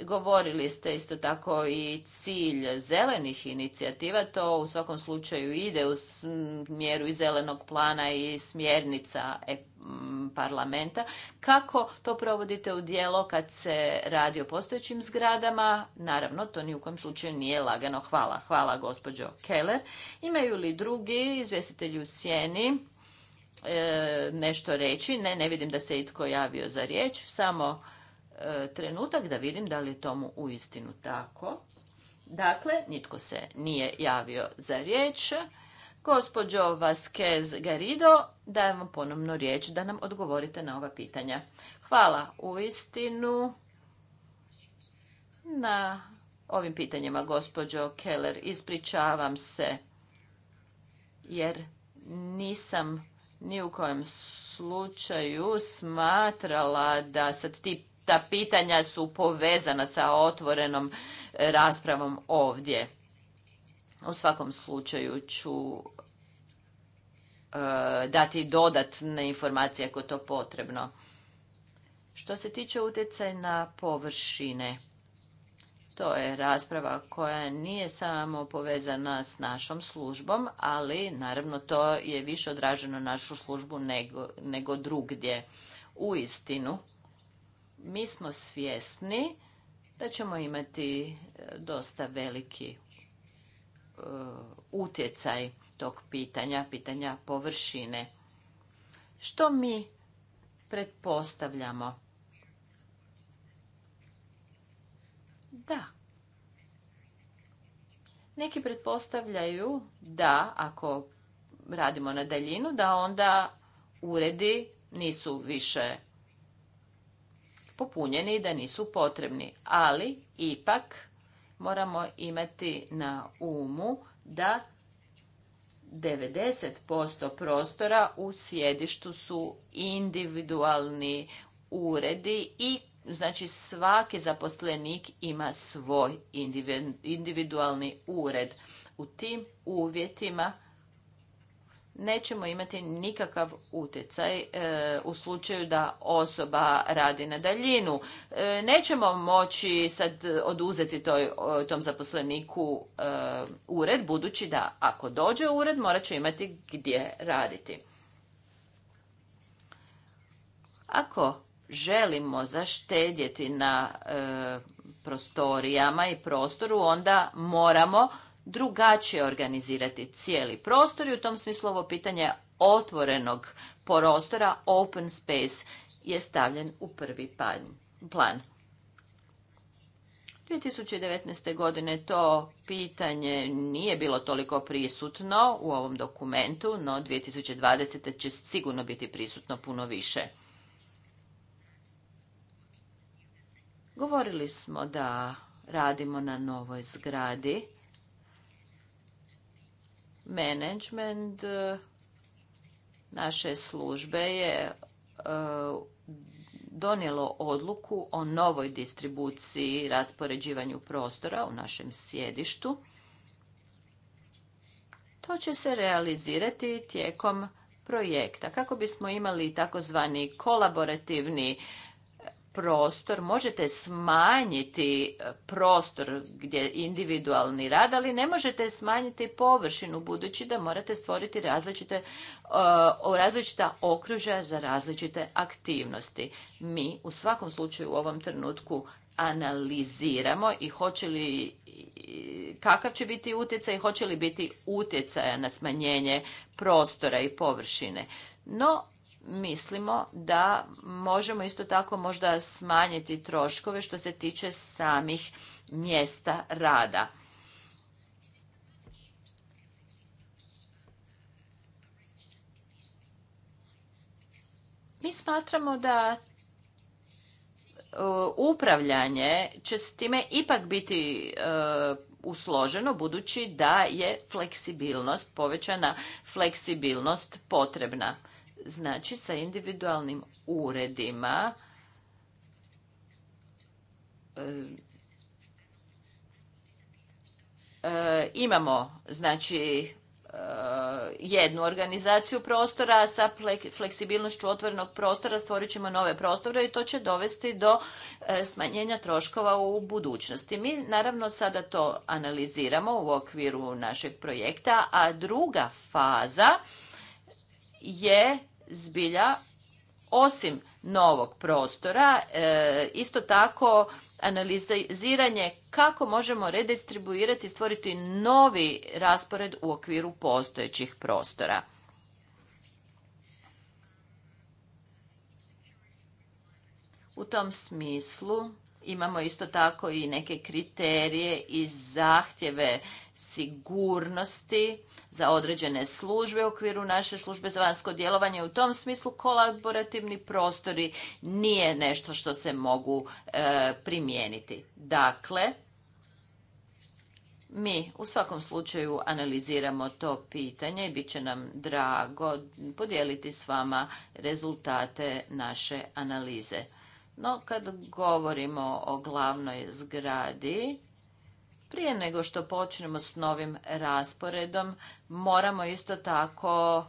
Govorili ste isto tako i cilj zelenih inicijativa, to u svakom slučaju ide u smjeru i zelenog plana i smjernica e, parlamenta. Kako to provodite u dijelo kad se radi o postojećim zgradama? Naravno, to ni u kojem slučaju nije lagano. Hvala. Hvala, gospođo Keller. Imaju li drugi izvjestitelji u sjeni e, nešto reći? Ne, ne vidim da se itko javio za riječ. Samo E, trenutak da vidim da li je tomu uistinu tako. Dakle, nitko se nije javio za riječ. Gospođo Vasquez Garido, dajem vam ponovno riječ da nam odgovorite na ova pitanja. Hvala uistinu na ovim pitanjima, gospođo Keller. Ispričavam se jer nisam ni u kojem slučaju smatrala da sad ti ta pitanja su povezana sa otvorenom e, raspravom ovdje. U svakom slučaju ću e, dati dodatne informacije ako je to potrebno. Što se tiče utjecaj na površine, to je rasprava koja nije samo povezana s našom službom, ali naravno to je više odraženo našu službu nego, nego drugdje. U istinu, mi smo svjesni da ćemo imati e, dosta veliki e, utjecaj tog pitanja, pitanja površine. Što mi pretpostavljamo? Da. Neki pretpostavljaju da ako radimo na daljinu, da onda uredi nisu više popunjeni i da nisu potrebni. Ali, ipak, moramo imati na umu da 90% prostora u sjedištu su individualni uredi i znači svaki zaposlenik ima svoj individualni ured. U tim uvjetima nećemo imati nikakav utjecaj e, u slučaju da osoba radi na daljinu. E, nećemo moći sad oduzeti tom zaposleniku e, ured, budući da ako dođe u ured morat će imati gdje raditi. Ako želimo zaštedjeti na prostorijama i prostoru, onda moramo drugačije organizirati cijeli prostor i u tom smislu ovo pitanje otvorenog prostora, open space, je stavljen u prvi plan. 2019. godine to pitanje nije bilo toliko prisutno u ovom dokumentu, no 2020. će sigurno biti prisutno puno više. Govorili smo da radimo na novoj zgradi Management e, naše službe je e, donijelo odluku o novoj distribuciji i raspoređivanju prostora u našem sjedištu. To će se realizirati tijekom projekta kako bismo imali takozvani kolaborativni prostor, možete smanjiti e, prostor gdje individualni rad, ali ne možete smanjiti površinu budući da morate stvoriti različite, e, različita okružja za različite aktivnosti. Mi u svakom slučaju u ovom trenutku analiziramo i hoće li kakav će biti utjecaj i hoće li biti utjecaja na smanjenje prostora i površine. No, mislimo da možemo isto tako možda smanjiti troškove što se tiče samih mjesta rada. Mi smatramo da e, upravljanje će s time ipak biti e, usloženo budući da je fleksibilnost, povećana fleksibilnost potrebna. Znači sa individualnim uredima e, e, imamo znači e, jednu organizaciju prostora sa fleksibilnošću otvorenog prostora stvorit ćemo nove prostore i to će dovesti do smanjenja troškova u budućnosti. Mi naravno sada to analiziramo u okviru našeg projekta, a druga faza je zbilja osim novog prostora, e, isto tako analiziranje kako možemo redistribuirati i stvoriti novi raspored u okviru postojećih prostora. U tom smislu Imamo isto tako i neke kriterije i zahtjeve sigurnosti za određene službe u okviru naše službe za vanjsko djelovanje. U tom smislu kolaborativni prostori nije nešto što se mogu e, primijeniti. Dakle, mi u svakom slučaju analiziramo to pitanje i bit će nam drago podijeliti s vama rezultate naše analize. No, kad govorimo o glavnoj zgradi, prije nego što počnemo s novim rasporedom, moramo isto tako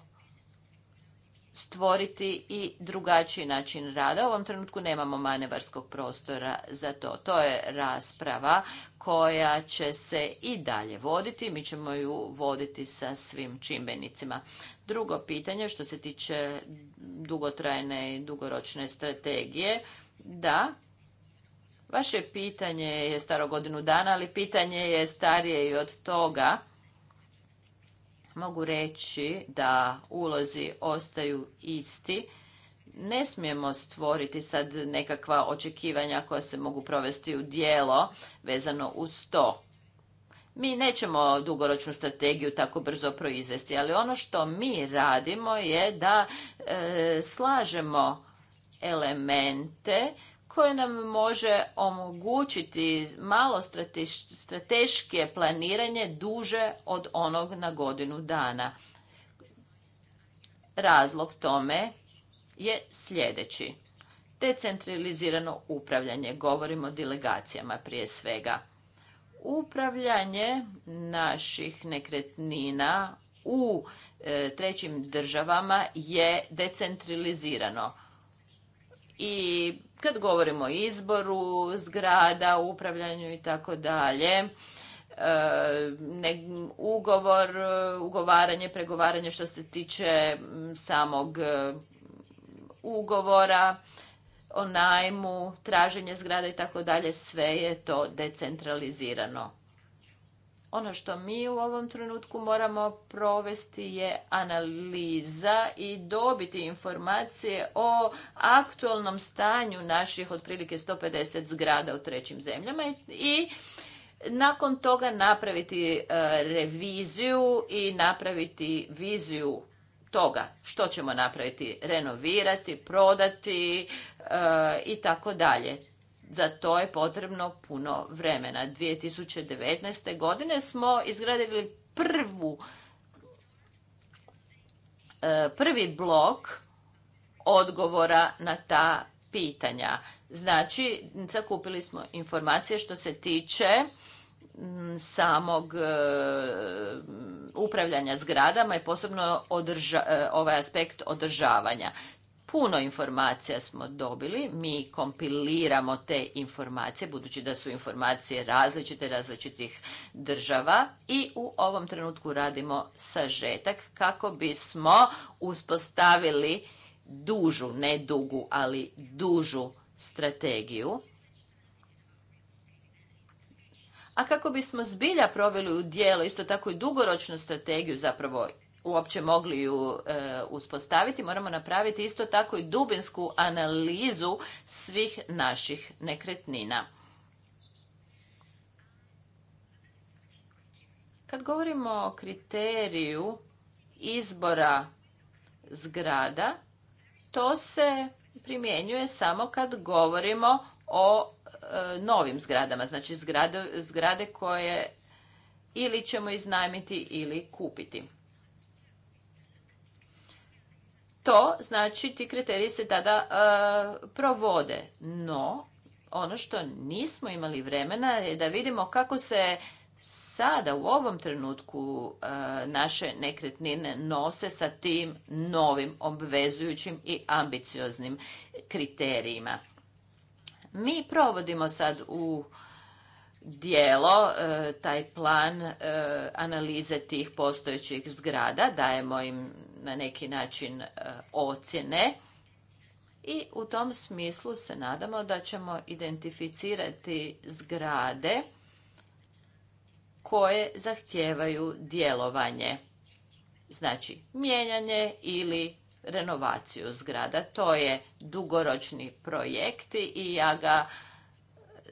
stvoriti i drugačiji način rada. U ovom trenutku nemamo manevarskog prostora za to. To je rasprava koja će se i dalje voditi. Mi ćemo ju voditi sa svim čimbenicima. Drugo pitanje što se tiče dugotrajne i dugoročne strategije – da. Vaše pitanje je staro godinu dana, ali pitanje je starije i od toga. Mogu reći da ulozi ostaju isti. Ne smijemo stvoriti sad nekakva očekivanja koja se mogu provesti u dijelo vezano uz to. Mi nećemo dugoročnu strategiju tako brzo proizvesti, ali ono što mi radimo je da e, slažemo elemente koje nam može omogućiti malo strateške planiranje duže od onog na godinu dana. Razlog tome je sljedeći. Decentralizirano upravljanje, govorimo o delegacijama prije svega. Upravljanje naših nekretnina u e, trećim državama je decentralizirano i kad govorimo o izboru zgrada, upravljanju i tako dalje, e, ugovor, ugovaranje, pregovaranje što se tiče samog e, ugovora o najmu, traženje zgrada i tako dalje, sve je to decentralizirano. Ono što mi u ovom trenutku moramo provesti je analiza i dobiti informacije o aktualnom stanju naših otprilike 150 zgrada u trećim zemljama i nakon toga napraviti e, reviziju i napraviti viziju toga što ćemo napraviti, renovirati, prodati e, i tako dalje. Za to je potrebno puno vremena. 2019. godine smo izgradili prvu e, prvi blok odgovora na ta pitanja. Znači, zakupili smo informacije što se tiče samog e, upravljanja zgradama i posebno e, ovaj aspekt održavanja. Puno informacija smo dobili, mi kompiliramo te informacije, budući da su informacije različite, različitih država i u ovom trenutku radimo sažetak kako bismo uspostavili dužu, ne dugu, ali dužu strategiju. A kako bismo zbilja proveli u dijelo isto tako i dugoročnu strategiju, zapravo uopće mogli ju e, uspostaviti, moramo napraviti isto tako i dubinsku analizu svih naših nekretnina. Kad govorimo o kriteriju izbora zgrada, to se primjenjuje samo kad govorimo o e, novim zgradama, znači zgrade, zgrade koje ili ćemo iznajmiti ili kupiti to znači ti kriteriji se tada e, provode. No, ono što nismo imali vremena je da vidimo kako se sada u ovom trenutku e, naše nekretnine nose sa tim novim obvezujućim i ambicioznim kriterijima. Mi provodimo sad u dijelo e, taj plan analize tih postojećih zgrada, dajemo im na neki način e, ocjene i u tom smislu se nadamo da ćemo identificirati zgrade koje zahtijevaju djelovanje. Znači, mijenjanje ili renovaciju zgrada. To je dugoročni projekt i ja ga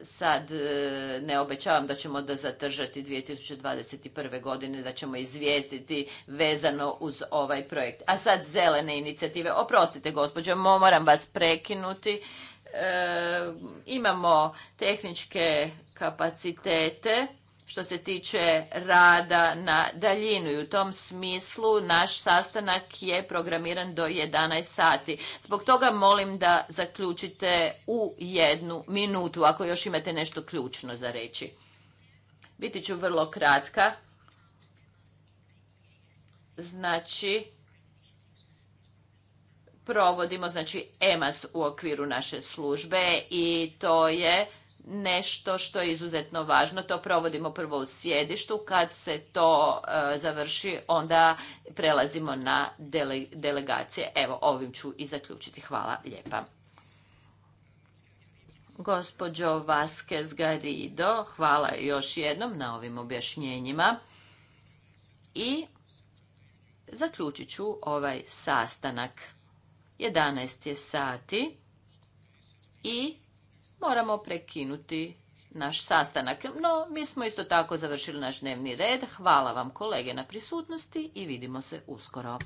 sad e, ne obećavam da ćemo da zatržati 2021. godine, da ćemo izvijestiti vezano uz ovaj projekt. A sad zelene inicijative. Oprostite, gospođo, moram vas prekinuti. E, imamo tehničke kapacitete što se tiče rada na daljinu i u tom smislu naš sastanak je programiran do 11 sati. Zbog toga molim da zaključite u jednu minutu ako još imate nešto ključno za reći. Biti ću vrlo kratka. Znači, provodimo znači EMAS u okviru naše službe i to je nešto što je izuzetno važno. To provodimo prvo u sjedištu. Kad se to e, završi, onda prelazimo na delegacije. Evo, ovim ću i zaključiti. Hvala lijepa. Gospođo Vaske Zgarido, hvala još jednom na ovim objašnjenjima. I zaključit ću ovaj sastanak. 11 je sati i moramo prekinuti naš sastanak. No, mi smo isto tako završili naš dnevni red. Hvala vam kolege na prisutnosti i vidimo se uskoro.